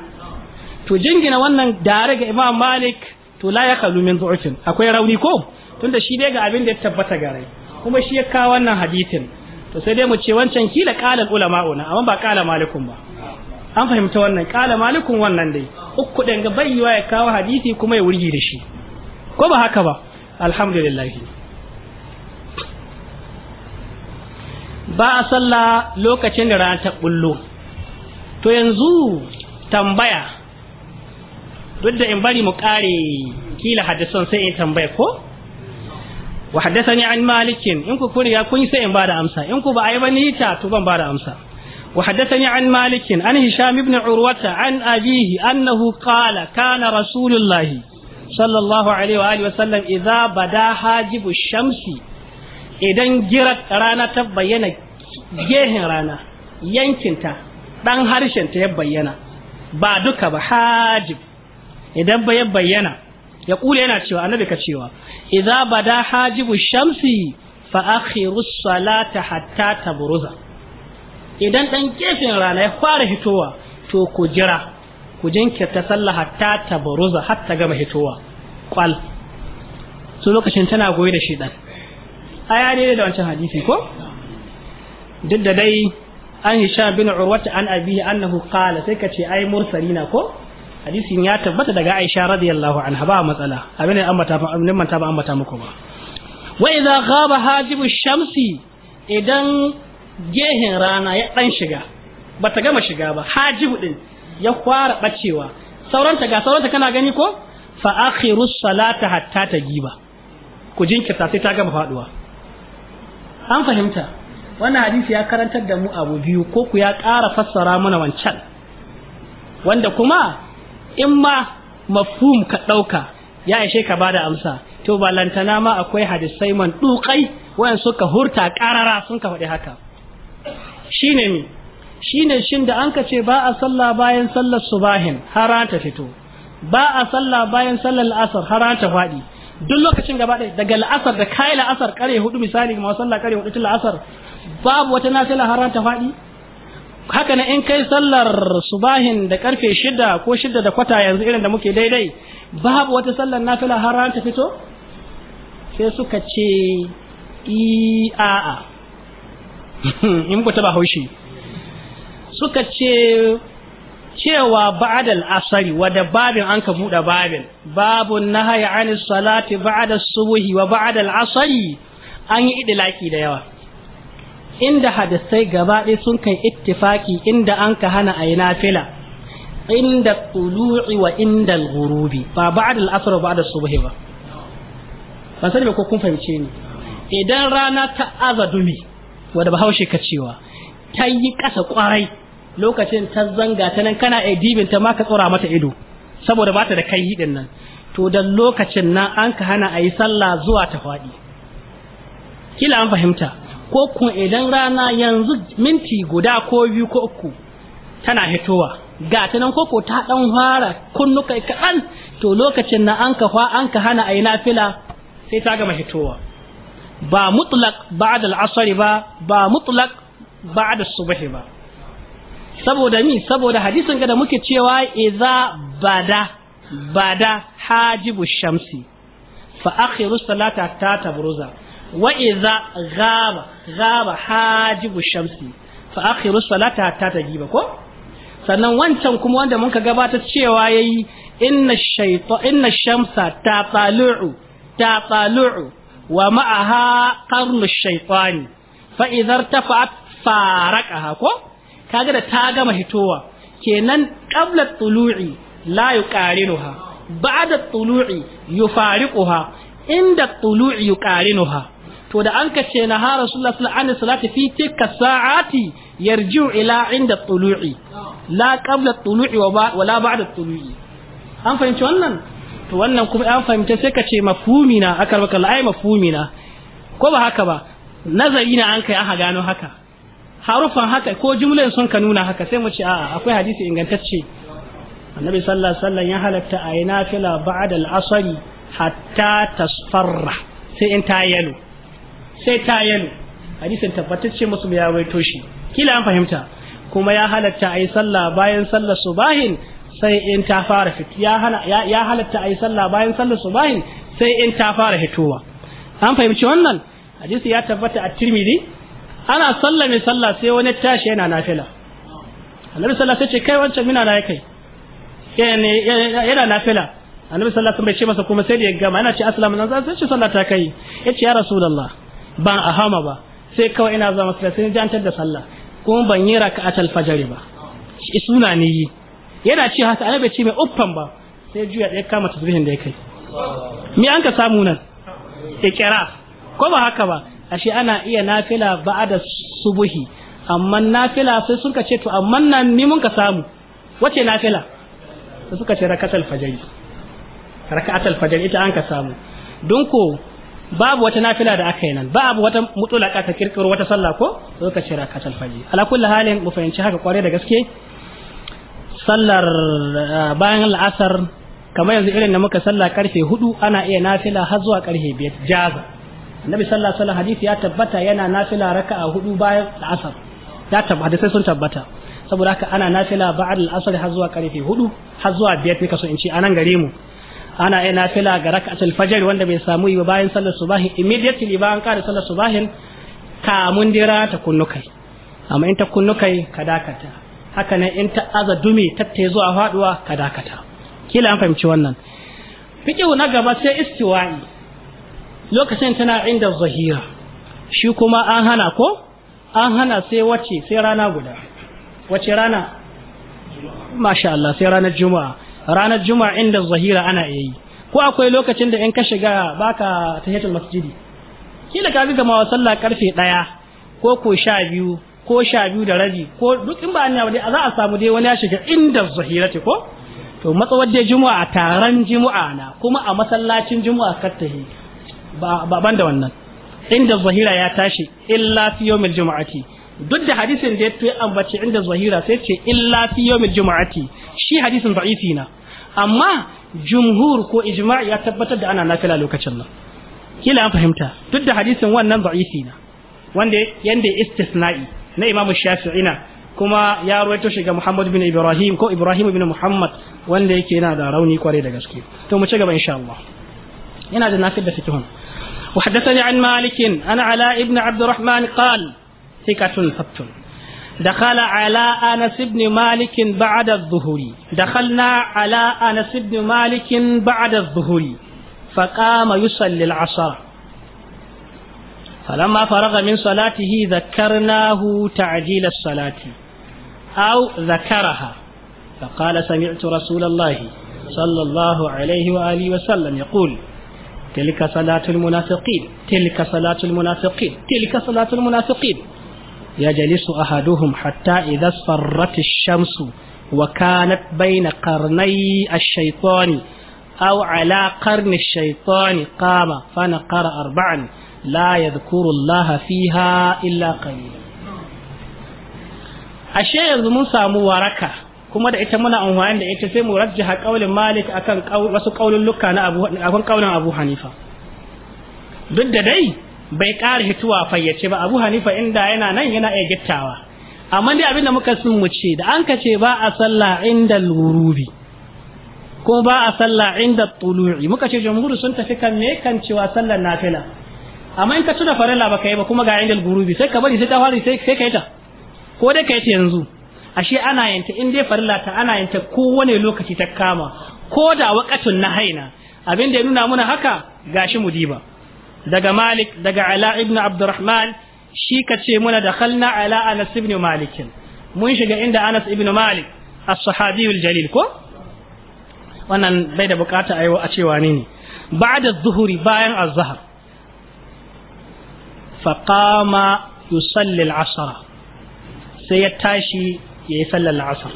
to jingina wannan dare ga Imam Malik to la ya kalu min zu'ufin akwai rauni ko tunda shi dai ga abin da ya tabbata gare kuma shi ya kawo wannan hadisin to sai dai mu ce wancan kila qala ulama'una amma ba qala malikun ba an fahimta wannan kala malikun wannan dai uku ɗin ga bai ya kawo hadisi kuma ya wurgi da shi ko ba haka ba alhamdulillah ba a sallah lokacin da rana ta bullo to yanzu tambaya duk da in bari mu kare kila hadisan sai in tambaya ko wa haddathani an malikin in ku kuriya kun sai in bada amsa in ku ba a yi ba ni ta to ban bada amsa وحدثني عن مالك عن هشام بن عروة عن أبيه أنه قال كان رسول الله صلى الله عليه وآله وسلم إذا بدا حاجب الشمس إذن جرت رانا تبين جهن رانا ينكنتا دان هرشن تبين ba duka ba hajib idan ba ya bayyana ya kula yana cewa annabi ka cewa idza bada hajibu shamsi fa akhiru salata hatta tabruza idan dan gefen rana ya fara hitowa to ku jira ku jinkirta sallah hatta ta baruza hatta gama hitowa kwal su lokacin tana goyi da shi dan aya ne da wancan hadisi ko duk da dai an yi hisham bin urwata an an annahu qala sai ka ce ai mursalina ko hadisin ya tabbata daga aisha radiyallahu anha ba matsala abin da ambata ba abin manta ba ambata muku ba wa idza ghaba hajibu shamsi idan gehen rana ya ɗan shiga ba ta gama shiga ba hajihu ɗin ya fara ɓacewa sauranta ga sauranta kana gani ko fa akhiru salata hatta giba ku jinkirta sai ta gama faduwa an fahimta wannan hadisi ya karantar da mu abu biyu ko ku ya ƙara fassara mana wancan wanda kuma in ma mafhum ka ɗauka ya ishe ka bada amsa to balantana ma akwai hadisai man dukai wayan suka hurta ƙarara sun ka faɗi haka Shi ne mi ne shin da an ce ba a sallah bayan sallar subahin har ta fito ba a sallah bayan sallar asar har ta faɗi duk lokacin gaba ɗaya daga la'asar da kayi la'asar kare hudu misali ma sallah kare hudu la'asar babu wata nafila har ta faɗi haka na in kai sallar subahin da karfe shida ko shida da kwata yanzu irin da muke daidai babu wata sallar na nafila har ta fito sai suka ce i a'a in ku taba haushi suka ce cewa ba'adal al wa da babin an ka buɗe babin Babu nahaya an salati ba'da subuhi wa ba'adal al an yi idlaki da yawa inda hadisai gaba ɗaya sun kai ittifaki inda an ka hana ayi nafila inda tulu'i wa inda al-ghurubi ba ba'adal al-asr wa ba'da ba ban sani ko kun fahimce ni idan rana ta azadumi wadda bahaushe ka cewa ta yi ƙasa ƙwarai lokacin ta zanga ta nan kana iya dibin ta ma ka tsora mata ido saboda ba ta da kai hidin nan to da lokacin nan an ka hana a yi sallah zuwa ta faɗi kila an fahimta ko kun idan rana yanzu minti guda ko biyu ko uku tana hitowa ga ta nan koko ta ɗan fara kunnuka kaɗan to lokacin na an ka an ka hana a yi nafila sai ta gama hitowa ba mutlak ba'da al-asr ba ba mutlaq ba'da subh ba saboda mi saboda hadisin ga da muke cewa idza bada bada hajibu shamsi fa akhiru salata ta tabruza wa idza ghaba ghaba hajibu shamsi fa akhiru salata ta tajiba ko sannan wancan kuma wanda muka gabatar cewa yayi inna shayta inna shamsa ta talu'u ta talu'u wa ma'aha qarnu shaytani fa idza irtafa'at faraqaha ko kaga da ta gama hitowa kenan ƙabla tulu'i la yuqarinuha ba'da tulu'i yufariquha inda tulu'i yuqarinuha to da an kace na ha rasulullah sallallahu alaihi wasallam fi tilka sa'ati yarji'u ila inda tulu'i la qabla tulu'i wa la ba'da tulu'i an fahimci wannan to wannan kuma an fahimta sai ka ce mafhumi na aka baka la'ai ko ba haka ba nazari na an kai aka gano haka harufan haka ko jumlar sun ka nuna haka sai mu ce a'a akwai hadisi ingantacce annabi sallallahu alaihi wasallam ya halatta a yana fila ba'da al-asri hatta tasfarra sai in ta yalo sai ta yalo hadisin tabbatacce musu ya waito shi kila an fahimta kuma ya halatta a yi sallah bayan sallar subahin sai in ta fara fit ya halatta a yi sallah bayan sallar su subahin sai in ta fara hitowa an fahimci wannan hadisi ya tabbata a tirmidhi ana sallah mai sallah sai wani tashi yana nafila annabi sallah sai ce kai wancan mina na kai yana nafila annabi sallah sun bai ce masa kuma sai da ya gama yana ce assalamu alaikum sai ce sallah ta kai Ya ce ya rasulullah ban a hama ba sai kawai ina zama sai sai jantar da sallah kuma ban yi raka'atul fajr ba suna ne yi yana ce haka annabi ce mai uffan ba sai juya ɗaya kama tasbihin da ya kai me an ka samu nan ikira ko ba haka ba ashe ana iya nafila ba da subuhi amma nafila sai sun ka ce to amma nan ni mun ka samu wace nafila sai suka ce rakatul fajr rakatul fajr ita an ka samu don ko babu wata nafila da aka yi nan babu wata mutulaka ta kirkiro wata sallah ko sai ka ce rakatul fajr ala kulli halin mu fahimci haka kware da gaske sallar ah, bayan al'asar kamar yanzu irin da muka sallah karfe hudu ana iya nafila har zuwa karfe biyar jaza annabi sallallahu sallar wasallam hadisi ya tabbata yana nafila raka'a hudu bayan al'asar ya tabbata sai sun tabbata saboda haka ana nafila ba'ad al'asar har zuwa karfe hudu har zuwa biyar ne kaso in ce anan gare mu ana iya nafila ga raka'atul fajr wanda bai samu yi bayan sallar subahi immediately bayan kare sallar subahin kamun dira ta kunnukai amma in ta kunnukai ka dakata haka nan in ta aza dume tatta zuwa faduwa ka dakata kila an fahimci wannan fiqhu na gaba sai istiwa'i lokacin tana inda zahira shi kuma an hana ko an hana sai wace sai rana guda wace rana masha Allah sai ranar juma'a ranar juma'a inda zahira ana yi ko akwai lokacin da in ka shiga baka tahiyatul masjidi kila ka ga ma sallah karfe 1 ko ko 12 ko sha biyu da rabi ko duk in ba an yawa za a samu dai wani ya shiga inda zahirati ko to matsawar dai juma'a a taron juma'a na kuma a masallacin juma'a kattahi ba ban da wannan inda zahira ya tashi illa fi yawmil juma'ati duk da hadisin da ya ambace inda zahira sai ce illa fi yawmil juma'ati shi hadisin da'ifi na amma jumhur ko ijma'i ya tabbatar da ana nafila lokacin nan kila an fahimta duk da hadisin wannan da'ifi na wanda yanda istisna'i na imamu shafi'i na kuma ya ruwaito shiga Muhammad bin Ibrahim ko Ibrahim bin Muhammad wanda yake yana da rauni kwarai da gaske to mu ci gaba insha Allah yana da nafi da fikihun وحدثني عن مالك أنا علاء بن عبد الرحمن قال ثقة ثبت دخل على أنس بن مالك بعد الظهر دخلنا على أنس بن مالك بعد الظهر فقام يصلي العصر فلما فرغ من صلاته ذكرناه تعجيل الصلاة أو ذكرها فقال سمعت رسول الله صلى الله عليه وآله وسلم يقول تلك صلاة المنافقين تلك صلاة المنافقين تلك صلاة المنافقين يجلس أحدهم حتى إذا اصفرت الشمس وكانت بين قرني الشيطان أو على قرن الشيطان قام فنقر أربعا la yadhkuru fiha illa qalila ashe yanzu mun samu waraka kuma da ita muna amfani da ita sai mu rajjaha qaulin Malik akan wasu qaulin Lukka na Abu akan qaulin Abu Hanifa duk da dai bai ƙara hituwa fayyace ba Abu Hanifa inda yana nan yana iya gittawa amma dai abinda muka sun mu ce da an ka ce ba a sallah inda lurubi ko ba a sallah inda tulu'i muka ce jamhuri sun tafi kan me kan cewa sallar nafila amma in ka tuna farilla baka yi ba kuma ga indal gurubi sai ka bari sai ta fari sai sai ka yi ta ko dai ka yi ta yanzu ashe ana yanta in dai farilla ta ana yanta kowane lokaci ta kama ko da waqatun haina abin da ya nuna muna haka gashi mudiba daga malik daga ala ibn abdurrahman shi ka ce muna dakhalna ala anas ibn malik mun shiga inda anas ibn malik as-sahabi al-jalil ko wannan bai da bukata ayo a cewa ne ne da zuhuri bayan az faƙama yusalli al'asara sai ya tashi ya yi sallar la'asar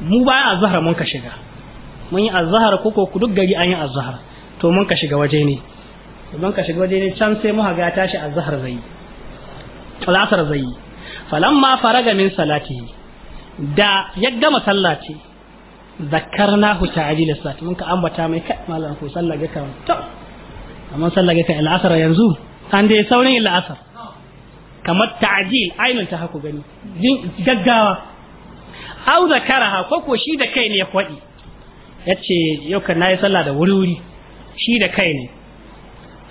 mu ba zahar mun ka shiga mun yi azhar ku duk gari an yi azhar to mun ka shiga waje ne mun ka shiga waje ne can sai muka ga tashi azhar zai la'asar zai falamma faraga min salati da ya gama sallaci zakarnahu ta'dil salati mun ka ambata mai kai malam ko sallah ga kan to amma sallah ga kan al'asar yanzu an dai saurin illa asar kamar ta'jil ainun ta haku gani gaggawa au zakaraha ko ko shi da kai ne ya faɗi yace yau kan nayi sallah da wuri wuri shi da kai ne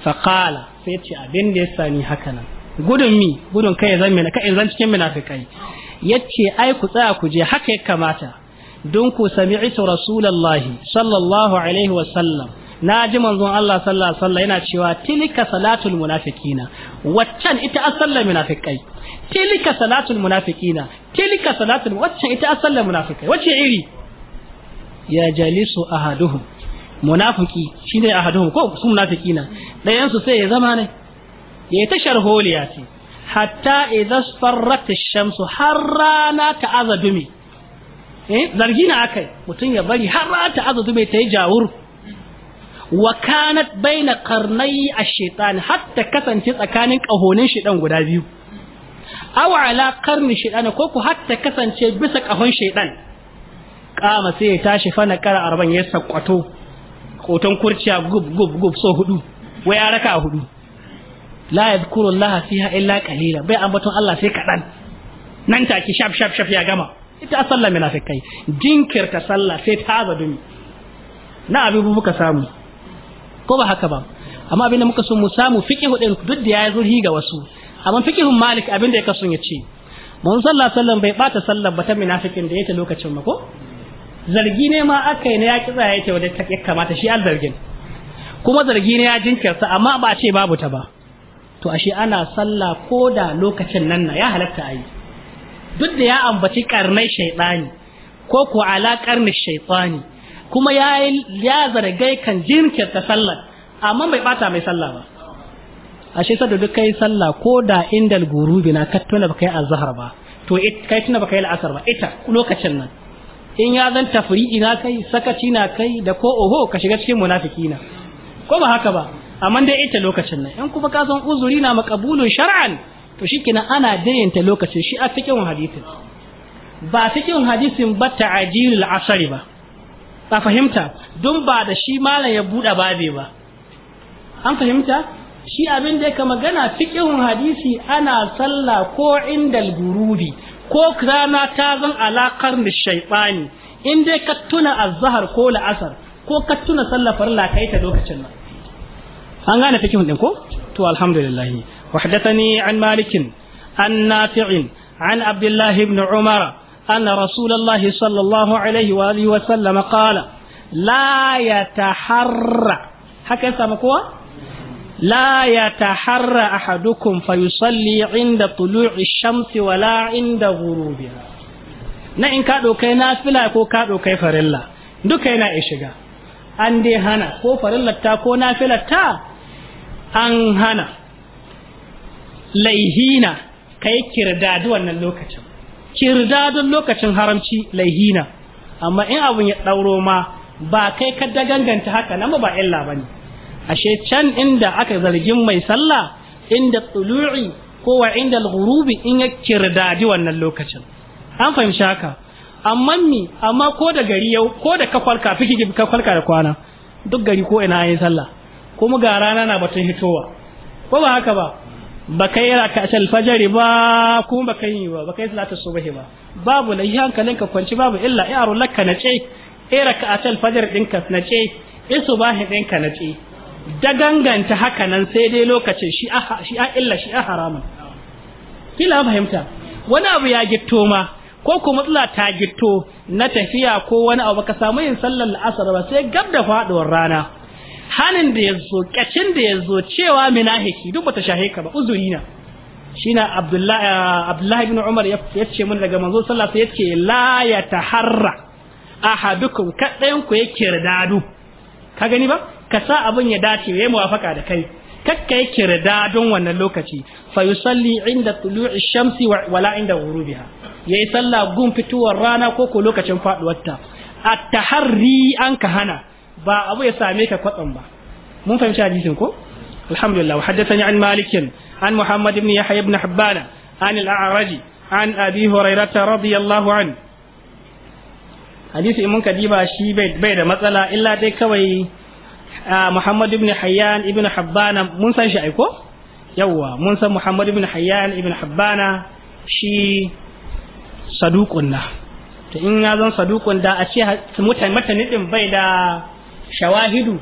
fa qala sai yace abin da ya sani haka nan gudun mi gudun kai zan mina kai zan cikin munafikai yace ai ku tsaya ku je haka ya kamata don ku sami'tu rasulullahi sallallahu alaihi wa sallam na ji manzon Allah sallallahu alaihi wasallam yana cewa tilka salatul munafiqina waccan ita asallar munafikai tilka salatul munafiqina tilka salatul waccan ita asallar munafikai wacce iri ya jalisu ahaduhum munafiki shine ahaduhum ko su munafiqina dayan su sai ya zama ne ya ta sharholiya ce hatta idza farrat ash-shamsu har rana ta azadumi eh zargina na akai mutun ya bari har rana ta azadumi ta yi jawur wa kanat baina qarnai ash-shaytan hatta kasance tsakanin kahonin shedan guda biyu aw ala qarni shaytan ko ku hatta kasance bisa kahon shedan kama sai ya tashi fana kara arban ya sakwato hoton kurciya gub gub gub so hudu wai ya raka hudu la yadhkuru Allah fiha illa qalila bai ambaton Allah sai kadan nan take shaf shaf shaf ya gama ita sallah munafikai jinkirta sallah sai ta zadumi na abubuwa samu ko ba haka ba amma abinda muka so mu samu fiqihu din duk da ya zurhi ga wasu amma fiqihun malik abinda ya kasu ya ce sallallahu sallah wasallam bai bata sallar ba ta munafikin da yake lokacin ko. zargi ne ma aka yi na ya kitsa yake wanda ya kamata shi an zargin kuma zargi ne ya jinkirta amma ba a ce babu ta ba to ashe ana sallah ko da lokacin nan na ya halatta ayi duk da ya ambaci karnai shaytani ko ko alaƙar ni shaytani kuma ya ya zargai kan jinkirta sallar amma bai bata mai sallah ba ashe shi duk kai sallah ko da inda gurubi na ka tuna ba kai azhar ba to kai tuna ba kai al'asar ba ita lokacin nan in ya zan tafri'i na kai sakaci na kai da ko oho ka shiga cikin munafiki na ko ba haka ba amma dai ita lokacin nan in kuma ka san uzuri na maqbulun shar'an to shikenan ana dayanta lokacin shi a cikin hadisin ba cikin hadisin ba ta ajilul asari ba a fahimta don ba da shi malam ya buɗe babe ba an fahimta shi abin da ka magana fiƙihun hadisi ana sallah ko indal gurubi ko rana ta zan alakar ni shaiɓani in dai ka tuna azhar ko la'asar ko ka tuna sallah farla kai ta lokacin nan an gane fiƙihun din ko to alhamdulillah وحدثني عن مالك عن نافع عن عبد الله بن أن رسول الله صلى الله عليه وآله وسلم قال لا يتحرى هكذا مكوا لا يتحرى أحدكم فيصلي عند طلوع الشمس ولا عند غروبها na in ka ɗaukai nafila ko ka ɗaukai farilla duka yana iya shiga an dai hana ko farillarta ko nafilarta an hana laihina ka yi kirdadu wannan lokacin Kirda kirdadun lokacin haramci laihina amma in abun ya ɗauro ma ba kai ka daganganta haka nan ba illa ba ne ashe can inda aka zargin mai sallah inda tsulu'i ko wa inda al in ya kirdadi wannan lokacin an fahimci haka amma mi amma ko da gari yau ko da kafarka fiki kafarka da kwana duk gari ko ina yin sallah kuma ga rana na batun hitowa ko ba haka ba ba yi raka ashal fajari ba kuma ba yi ba ba kai salatu subhi ba babu la yi hankalin ka kwanci babu illa ya aro lakka na ce ya raka fajar din ka na ce su subahi din ka na ce da ganganta haka nan sai dai lokacin shi a shi illa shi a haramun kila fahimta wani abu ya gitto ma ko kuma matsala ta gitto na tafiya ko wani abu ka samu yin sallar la'asar ba sai gab da faduwar rana hanin da ya zo kacin da ya zo cewa minahiki duk bata shahe ka ba uzuri na shine abdullahi ah, abdullahi ibn umar ya ce mun daga manzo sallallahu alaihi wasallam yace la yataharra ahadukum kadayan ku ya ridadu ka gani ba ka sa abin ya dace yayi muwafaka da kai kakka yake ridadun wannan lokaci fa yusalli inda tulu'i shamsi wala inda ghurubiha yayi sallah gun fituwar rana ko ko lokacin faduwar ta at-taharri an ka hana ba abu ya same ka kwatsam ba mun fahimci hadisin ko alhamdulillah haddathani an malikin an muhammad ibn yahya ibn habban an al-a'raj an abi hurairah radiyallahu an hadisi in mun kadiba shi bai da matsala illa dai kawai muhammad ibn hayyan ibn habban mun san shi aiko yawwa mun san muhammad ibn hayyan ibn habban shi saduqun na to in ya zan saduqun da a ce mutane matanin din bai da shawahidu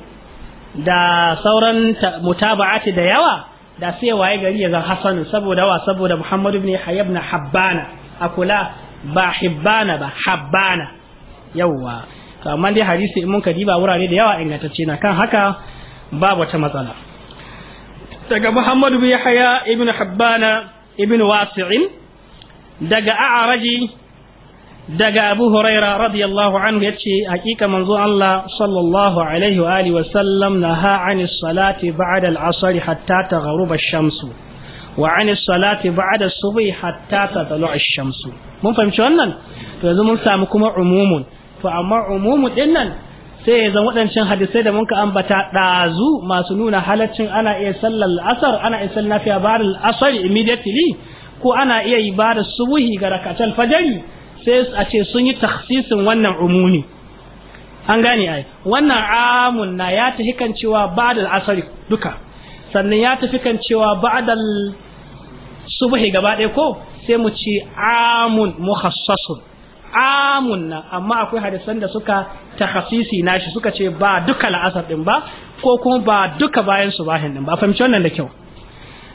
da sauran mutaba'ati da yawa da sai waye gari ya zan hasan saboda wa saboda Muhammad ibn Hayy Habbana akula ba habbana ba Habbana yawa to amma dai hadisi in mun kadiba wurare da yawa ingantacce na kan haka babu wata matsala daga Muhammad ibn hayya ibn Habbana ibn Wasi'in daga A'raji daga Abu Huraira radiyallahu anhu yace hakika manzo Allah sallallahu alaihi wa alihi wa na ha anis salati ba'da al-asr hatta tagharuba ash-shamsu wa anis salati ba'da as-subhi hatta tatlu'a ash-shamsu mun fahimci wannan to yanzu mun samu kuma umumun to amma umumu dinnan sai ya zan hadisai da muka ambata dazu masu nuna halaccin ana iya sallar asar ana iya sallar nafiya ba'da al-asr immediately ko ana iya yi ba da subuhi ga rakatul fajri sai a ce sun yi taksisin wannan umumi an gane ai wannan amun na ya tafi kan cewa ba'dal asari duka sannan ya tafi kan cewa ba'dal subhi gaba ɗaya ko sai mu ci amun mukhassasun amun na amma akwai hadisan da suka takhasisi nashi suka ce ba duka la'asar din ba ko kuma ba duka bayan subahin din ba fahimci wannan da kyau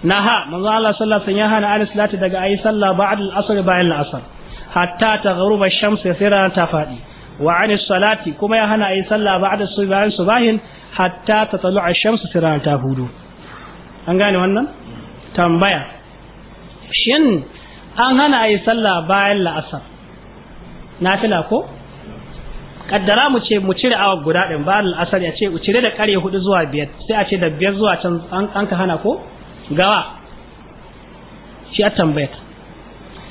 naha manzo Allah sallallahu alaihi wasallam ya hana alis lati daga ayi sallah ba'd asr bayan la'asar. hatta ta garuba shamsu sai rana ta faɗi wa an salati kuma ya hana ayi sallah ba da su bayan subahin hatta ta talu a shamsu sai rana ta hudu an gane wannan tambaya shin an hana a sallah bayan la'asar fila ko kaddara mu ce mu cire awa guda ɗin ba la'asar ya ce cire da ƙarye hudu zuwa biyar sai a ce da biyar zuwa can an ka hana ko gawa shi a tambayar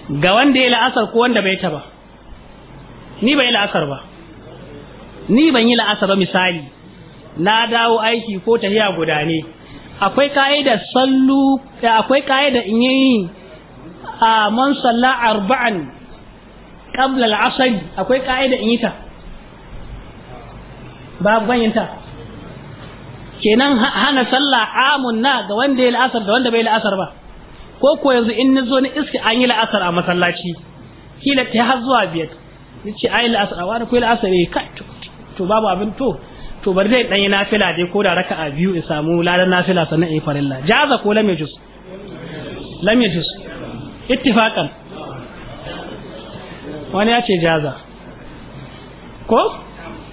ga wanda ya la'asar ko wanda bai ta ba ni bai la'asar ba ni ban yi la'asar ba misali na dawo aiki ko tahiya guda ne akwai ka'ida sallu akwai ka'ida in yi a man salla arba'an qabla al-asr akwai ka'ida in yi ta babu ban ta kenan hana sallah amun na ga wanda ya la'asar da wanda bai la'asar ba ko ko yanzu in na zo na iska an yi la'asar a masallaci kila ta har zuwa biyar ni ce ai la'asar a wani ko yi la'asar yi kai to babu abin to to bari dai dan yi nafila dai ko da raka a biyu in samu ladan nafila sannan in farilla jaza ko lam yajuz lam yajuz ittifaqan wani ya ce jaza ko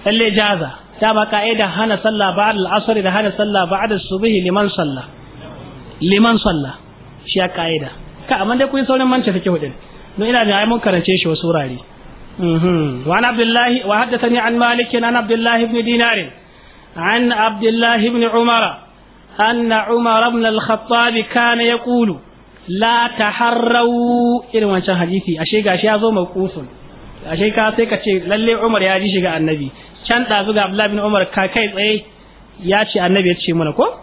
lalle jaza ta ba ka'ida hana sallah ba'da al da hana sallah ba'da subhi liman sallah liman sallah shi ya ka'ida ka amma dai kun saurin manta take hudin don ina da mun karance shi wasu rari mhm. wa an abdullahi wa haddathani an malik an abdullah ibn dinar an abdullah ibn umara ان عمر irin wancan hadisi ashe gashi ya zo mai kusul ashe ka sai ka ce lalle Umar ya ji shiga annabi can da zuga Abdullah ibn Umar ka kai tsaye ya ce annabi ya ce mana ko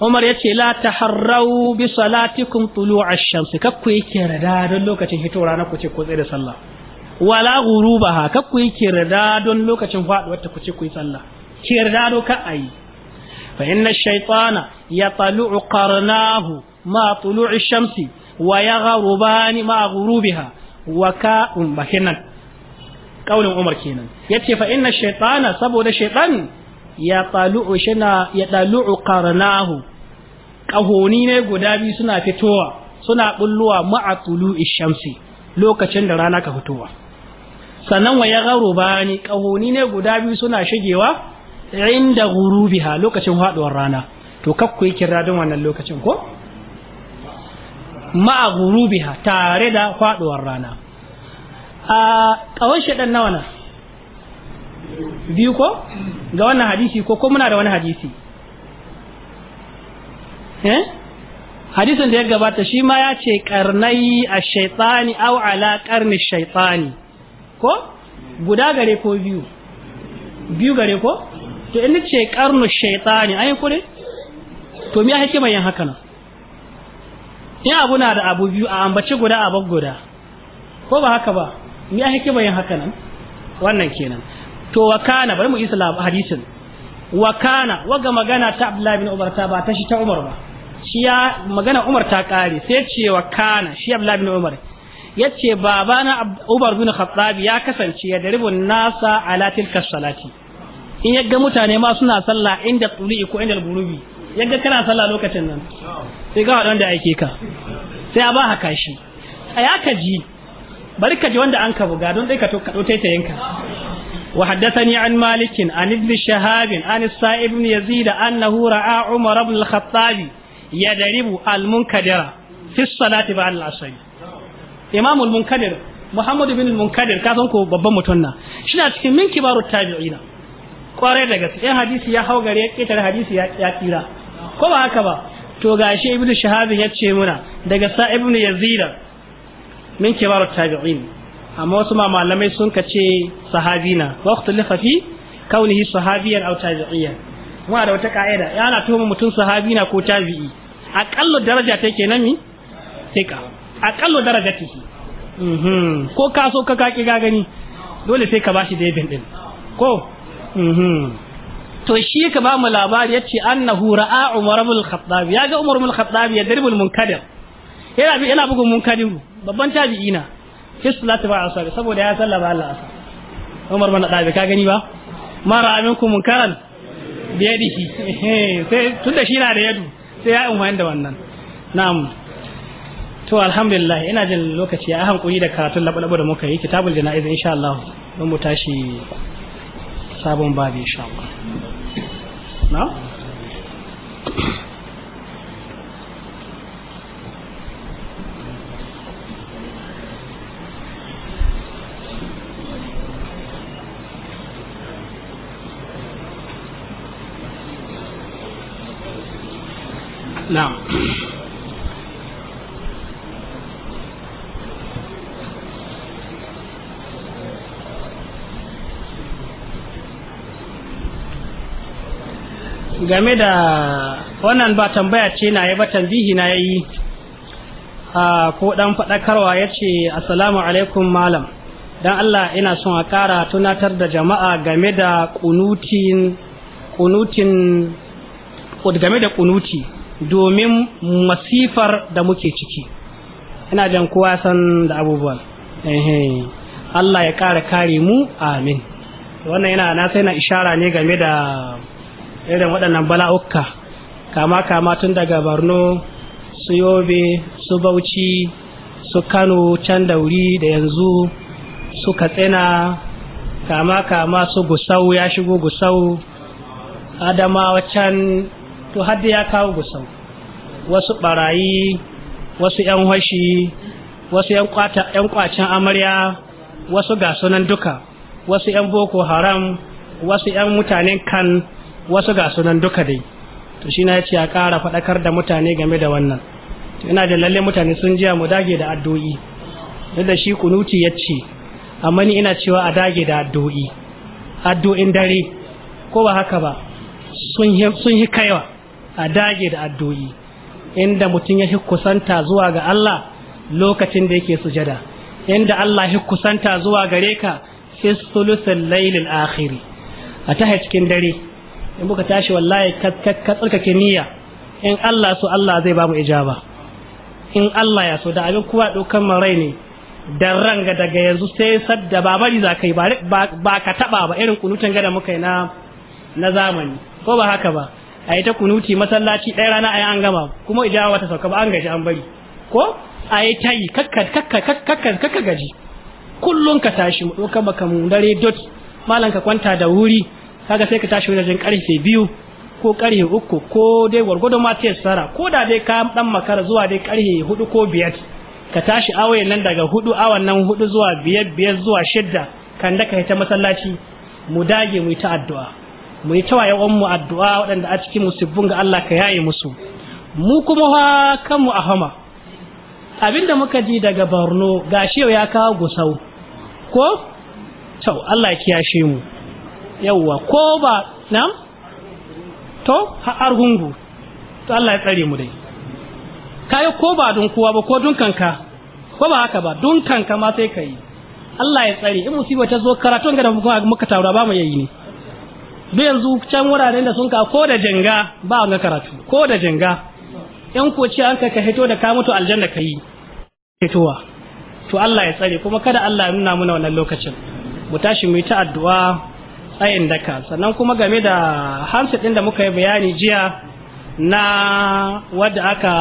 Umar ya ce la taharrau bi salatikum tulu a shams kakku yake rada don lokacin hito rana ku ce ku da sallah wala ha kakku yake rada don lokacin faduwar ta ku ce ku yi sallah ke rada do ka yi fa inna ash ya yatalu'u qarnahu ma tulu a shamsi wa ya yaghrubani ma ghurubiha wa ka'um bahinan kaulin Umar kenan yace fa inna saboda shaytan ya talu'u shina ya talu'u qarnahu qahoni ne guda biyu suna fitowa suna bulluwa ma'a tulu'i shamsi lokacin da rana ka fitowa sannan wa ya garo bani kahoni ne guda biyu suna shigewa inda ghurubiha lokacin haduwar rana to kakku yake radin don wannan lokacin ko ma'a ghurubiha tare da faduwar rana a kawai shaɗan nawa na biyu ko ga wannan hadisi ko ko muna da wani hadisi eh hadisin da ya gabata shi ma ya ce karnai a shaitani au ala karni shaitani ko guda gare ko biyu biyu gare ko to in ce karnu shaitani an yi kure to me ya hake mai haka nan in abu na da abu biyu a ambaci guda a guda ko ba haka ba me ya hake mai haka nan wannan kenan to wa kana bari mu isa hadisin wa kana waga magana ta Abdullahi bin Umar ta ba ta shi ta Umar ba shi ya magana Umar ta kare sai ce wa kana shi Abdullahi bin Umar yace babana Umar bin Khattab ya kasance ya daribu nasa ala tilka salati in ga mutane ma suna sallah inda tuli ko inda burubi ga kana sallah lokacin nan sai ga wanda aike ka sai a ba haka shi a ya ka ji bari ka ji wanda an ka buga don dai ka to ta yanka وحدثني عن مالك عن ابن شهاب عن السائب بن يزيد أنه رأى عمر بن الخطاب يضرب المنكدر في الصلاة بعد العصر إمام المنكدر محمد بن المنكدر كاتون كو babban mutum na shi na cikin min kibaru tabi'ina kwarai daga gaske in hadisi ya hau gari ya ketare hadisi ya tsira ko ba haka ba to gashi ibnu shahab ya ce muna daga sa ibnu yazid min amma wasu ma malamai sun ka ce sahabina wa ikhtalafa fi kaunihi sahabiyan au tabi'iyan wa da wata ka'ida yana tuhuma mutum sahabina ko tabi'i aqallu daraja take nan a tika aqallu ta ke. Mhm. ko ka so ka kaki ga gani dole sai ka bashi da yabin din ko mhm. to shi ka ba mu labari yace annahu ra'a umar ibn al-khattab ya ga umar ibn al-khattab ya daribul munkadir yana bugun munkadir babban tabi'ina fi salati ba asabi saboda ya sallama Allah asa Umar bin Khattab ka gani ba mara aminku munkaran biyadihi sai tunda shi na da yadu sai ya umma da wannan na'am to alhamdulillah ina jin lokaci ya hankuri da karatun labalabo da muka yi kitabul jana'iz insha Allah don mu tashi sabon babu insha Allah na'am نعم game da wannan ba tambaya ce na ya ba tambihi na yayi a ko dan ya yace assalamu alaikum malam dan Allah ina son a kara tunatar da jama'a game da kunutin kunutin game da kunuti domin masifar da muke ciki ina jan kowa san da abubuwan Allah ya ƙara kare mu amin wannan yana na sai na ishara ne game da irin waɗannan bala'uka. kama kama tun daga Barno, su Yobe su Bauchi su Kano can wuri da yanzu su Katsina kama kama su Gusau ya shigo Gusau Adamawa can to har da ya kawo gusau wasu barayi wasu yan washi wasu yan kwata kwacin amarya wasu ga sunan duka wasu yan boko haram wasu yan mutanen kan wasu ga sunan duka dai to shi na ya ce a ƙara faɗakar da mutane game da wannan ina da lalle mutane sun jiya mu dage da addu'i da shi kunuti ya ce amma ni ina cewa a dage da addu'i, addu'in dare ko ba haka ba sun yi kaiwa a dage da addu'i. inda mutum ya kusanta zuwa ga Allah lokacin da yake sujada inda Allah ya kusanta zuwa gare ka fi sulusin lailin akhiri a taha cikin dare in muka tashi wallahi ka tsarkake niyya in Allah so Allah zai bamu ijaba in Allah ya so da abin kuwa dokan marai ne da ranga daga yanzu sai sadda ba bari za yi, ba ka taba ba irin kunutan gada muka yi na zamani ko ba haka ba a yi ta kunuti masallaci ɗaya rana a yi an gama kuma ijawa wata sauka ba an gaji an bari ko a yi ta yi kakka gaji kullum ka tashi ka baka mu dare dot malam ka kwanta da wuri kaga sai ka tashi wajen karfe biyu ko karfe uku ko dai gwargwado ma ta ko da dai ka ɗan makara zuwa dai karfe hudu ko biyar ka tashi awaye nan daga hudu awan nan hudu zuwa biyar biyar zuwa shidda kan da ka ta masallaci mu dage mu yi ta addu'a mu yi tawaye wa mu addu'a waɗanda a cikin musibbin ga Allah ka yaye musu mu kuma ha kanmu a hama abinda muka ji daga Borno gashi yau ya kawo gusau ko to Allah ya kiyashe mu yawwa ko ba nam to har hungu to Allah ya tsare mu dai kayo ko ba don kowa ba ko don kanka ko ba haka ba don kanka ma sai kai Allah ya tsare in musiba ta zo karatun ga da muka taura ba mu yayi ne duk yanzu can wuraren da sun ka ko da janga ba wanga karatu ko da janga yan koci an ka ka hito da ka mutu aljanna ka yi hitowa to Allah ya tsare kuma kada Allah ya nuna muna wannan lokacin mu tashi mu yi ta addu'a tsayin daka sannan kuma game da hansa ɗin da muka yi bayani jiya na wadda aka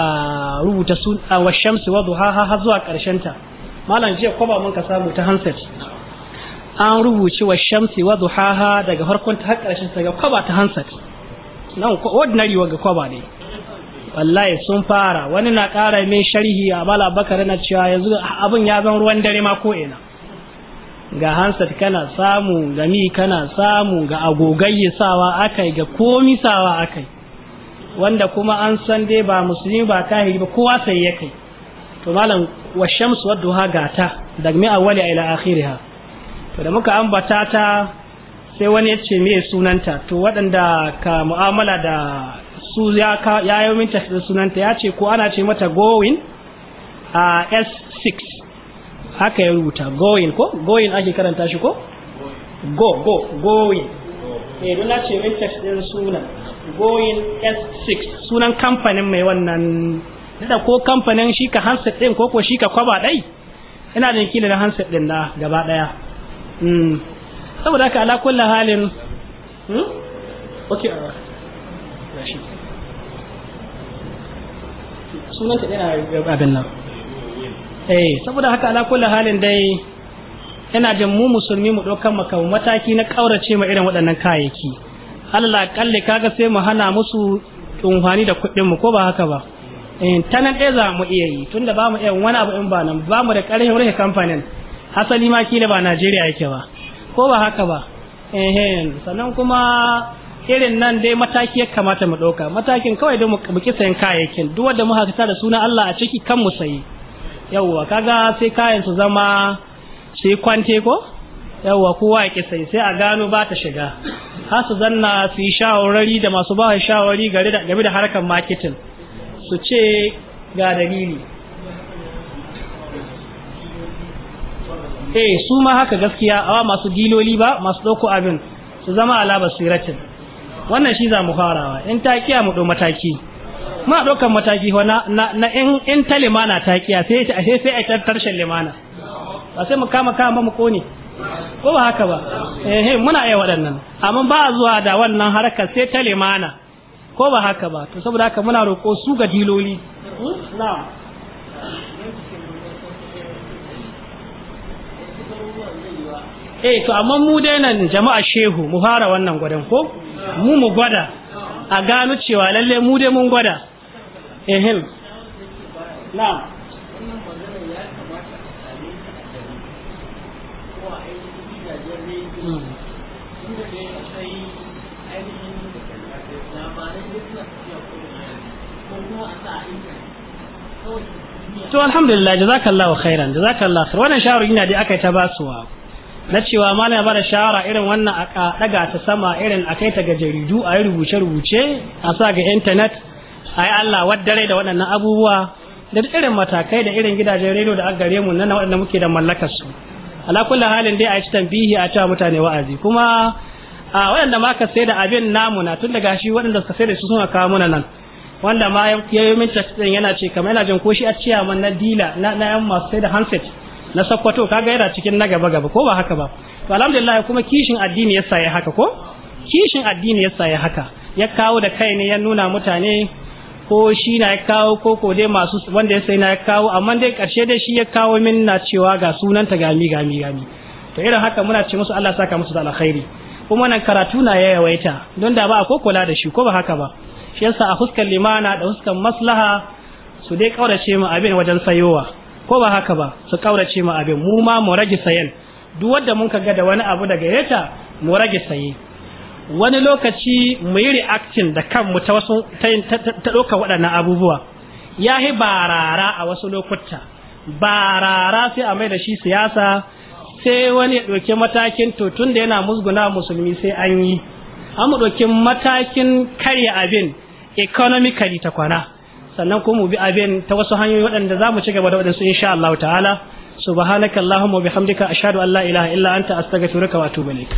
rubuta sun a washamsi wadda ha ha zuwa karshen ta malam jiya kwaba mun ka samu ta handset an rubuce wa shamsi wa duhaha daga farkon ta karshen ga kwaba ta hansat nan ordinary wa ga kwaba ne wallahi sun fara wani na ƙara mai sharhi a bala bakar na cewa yanzu abin ya zan ruwan dare ma ko ina ga hansat kana samu ga mi kana samu ga agogayye sawa akai ga komi sawa akai wanda kuma an san dai ba musulmi ba kahiri ba kowa sai ya kai to malam wa shamsu wa duha gata daga mi awwali ila akhiriha to da muka ambata ta sai wani ya ce meye sunanta to waɗanda ka mu'amala da su ya yi min sunanta ya ce ko ana ce mata going a s6 haka ya rubuta going ko going ake karanta shi ko go go going eh don na ce min text din suna going s6 sunan kamfanin mai wannan da ko kamfanin shi ka hansa ɗin ko ko shi ka kwaba ɗai ina da kila na hansa ɗin na gaba ɗaya. Hmm. saboda haka ala kulli halin hmm? okay rashid sunan ta yana abin nan eh saboda haka ala kulli halin dai yana jin mu musulmi mu dokan maka mataki na ƙaurace ma irin waɗannan kayayyaki Allah kalle kaga sai mu hana musu tunfani da kuɗin mu ko ba haka ba eh tanan ɗaya za mu iya yi tunda ba mu iya wani abu in ba nan ba mu da ƙarfin rufe kamfanin Asali ma kila ba Najeriya yake ba ko ba haka ba eh sannan kuma irin nan dai mataki ya kamata mu ɗauka matakin kawai da mu ki sayan kayayyakin duk wanda muka kasa da suna Allah a ciki kan mu sayi yawwa kaga sai kayan su zama sai kwante ko yawwa kowa ya ki sayi sai a gano ba ta shiga har su zanna su yi shawarwari da masu ba shawari game da harkar marketing su ce ga dalili eh su ma haka gaskiya awa masu diloli ba masu ɗauko abin su zama ala basiratin wannan shi za mu farawa in takiya mu ɗau mataki ma ɗaukan mataki wa na na in in ta limana takiya sai ta ashe sai a tarshen limana ba sai mu kama kama mu kone ko ba haka ba eh, eh muna iya waɗannan amma ba a zuwa da wannan harkar sai ta limana ko ba haka ba to saboda haka muna roƙo su ga diloli hmm? na'am eh to amma mu dai nan jama'a shehu mu fara wannan gwadon ko mu mu gwada a gano cewa lalle mu dai mun gwada ehem na'am Thank hmm. to alhamdulillah jazakallahu khairan jazakallahu khairan wannan shawara ina dai aka ta basuwa na cewa malama da shawara irin wannan a daga ta sama irin akai ta ga jaridu a rubuce rubuce a sa ga internet ai Allah waddare da waɗannan abubuwa da irin matakai da irin gidajen rediyo da aka gare mu nan waɗanda muke da mallakar su ala kullu halin dai a ci tambihi a cewa mutane wa'azi kuma a waɗanda ma ka sai da abin namu na tun daga shi waɗanda suka sai da su suna kawo mana nan wanda ma ya yi min yana ce kamar yana jin koshi a a man na dila na na yan masu sai da handset na sakwato kaga yana cikin na gaba gaba ko ba haka ba to alhamdulillah kuma kishin addini ya saye haka ko kishin addini ya saye haka ya kawo da kai ne ya nuna mutane ko shi na ya kawo ko ko dai masu wanda ya sai na ya kawo amma dai karshe dai shi ya kawo min na cewa ga sunanta gami gami gami to irin haka muna ce musu Allah saka musu da alkhairi kuma nan karatu na ya yawaita don da ba a ko kula da shi ko ba haka ba shi yasa a huskan limana da huskan maslaha su dai kaurace mu abin wajen sayowa ko ba haka ba su kaurace mu abin mu ma mu rage sayen, duk wanda mun ga da wani abu daga yata mu rage saye wani lokaci mu yi reacting da kanmu ta wasu ta doka waɗannan abubuwa ya yi barara a wasu lokuta barara sai a mai da shi siyasa sai wani ya ɗauki matakin to tunda yana musguna musulmi sai an yi an mu ɗauki matakin karya abin economically ta kwana sannan kuma mu bi abin ta wasu hanyoyi waɗanda za mu ci gaba da waɗansu insha Allah ta'ala subhanakallahumma wa bihamdika ashhadu an la ilaha illa anta astaghfiruka wa atubu ilaik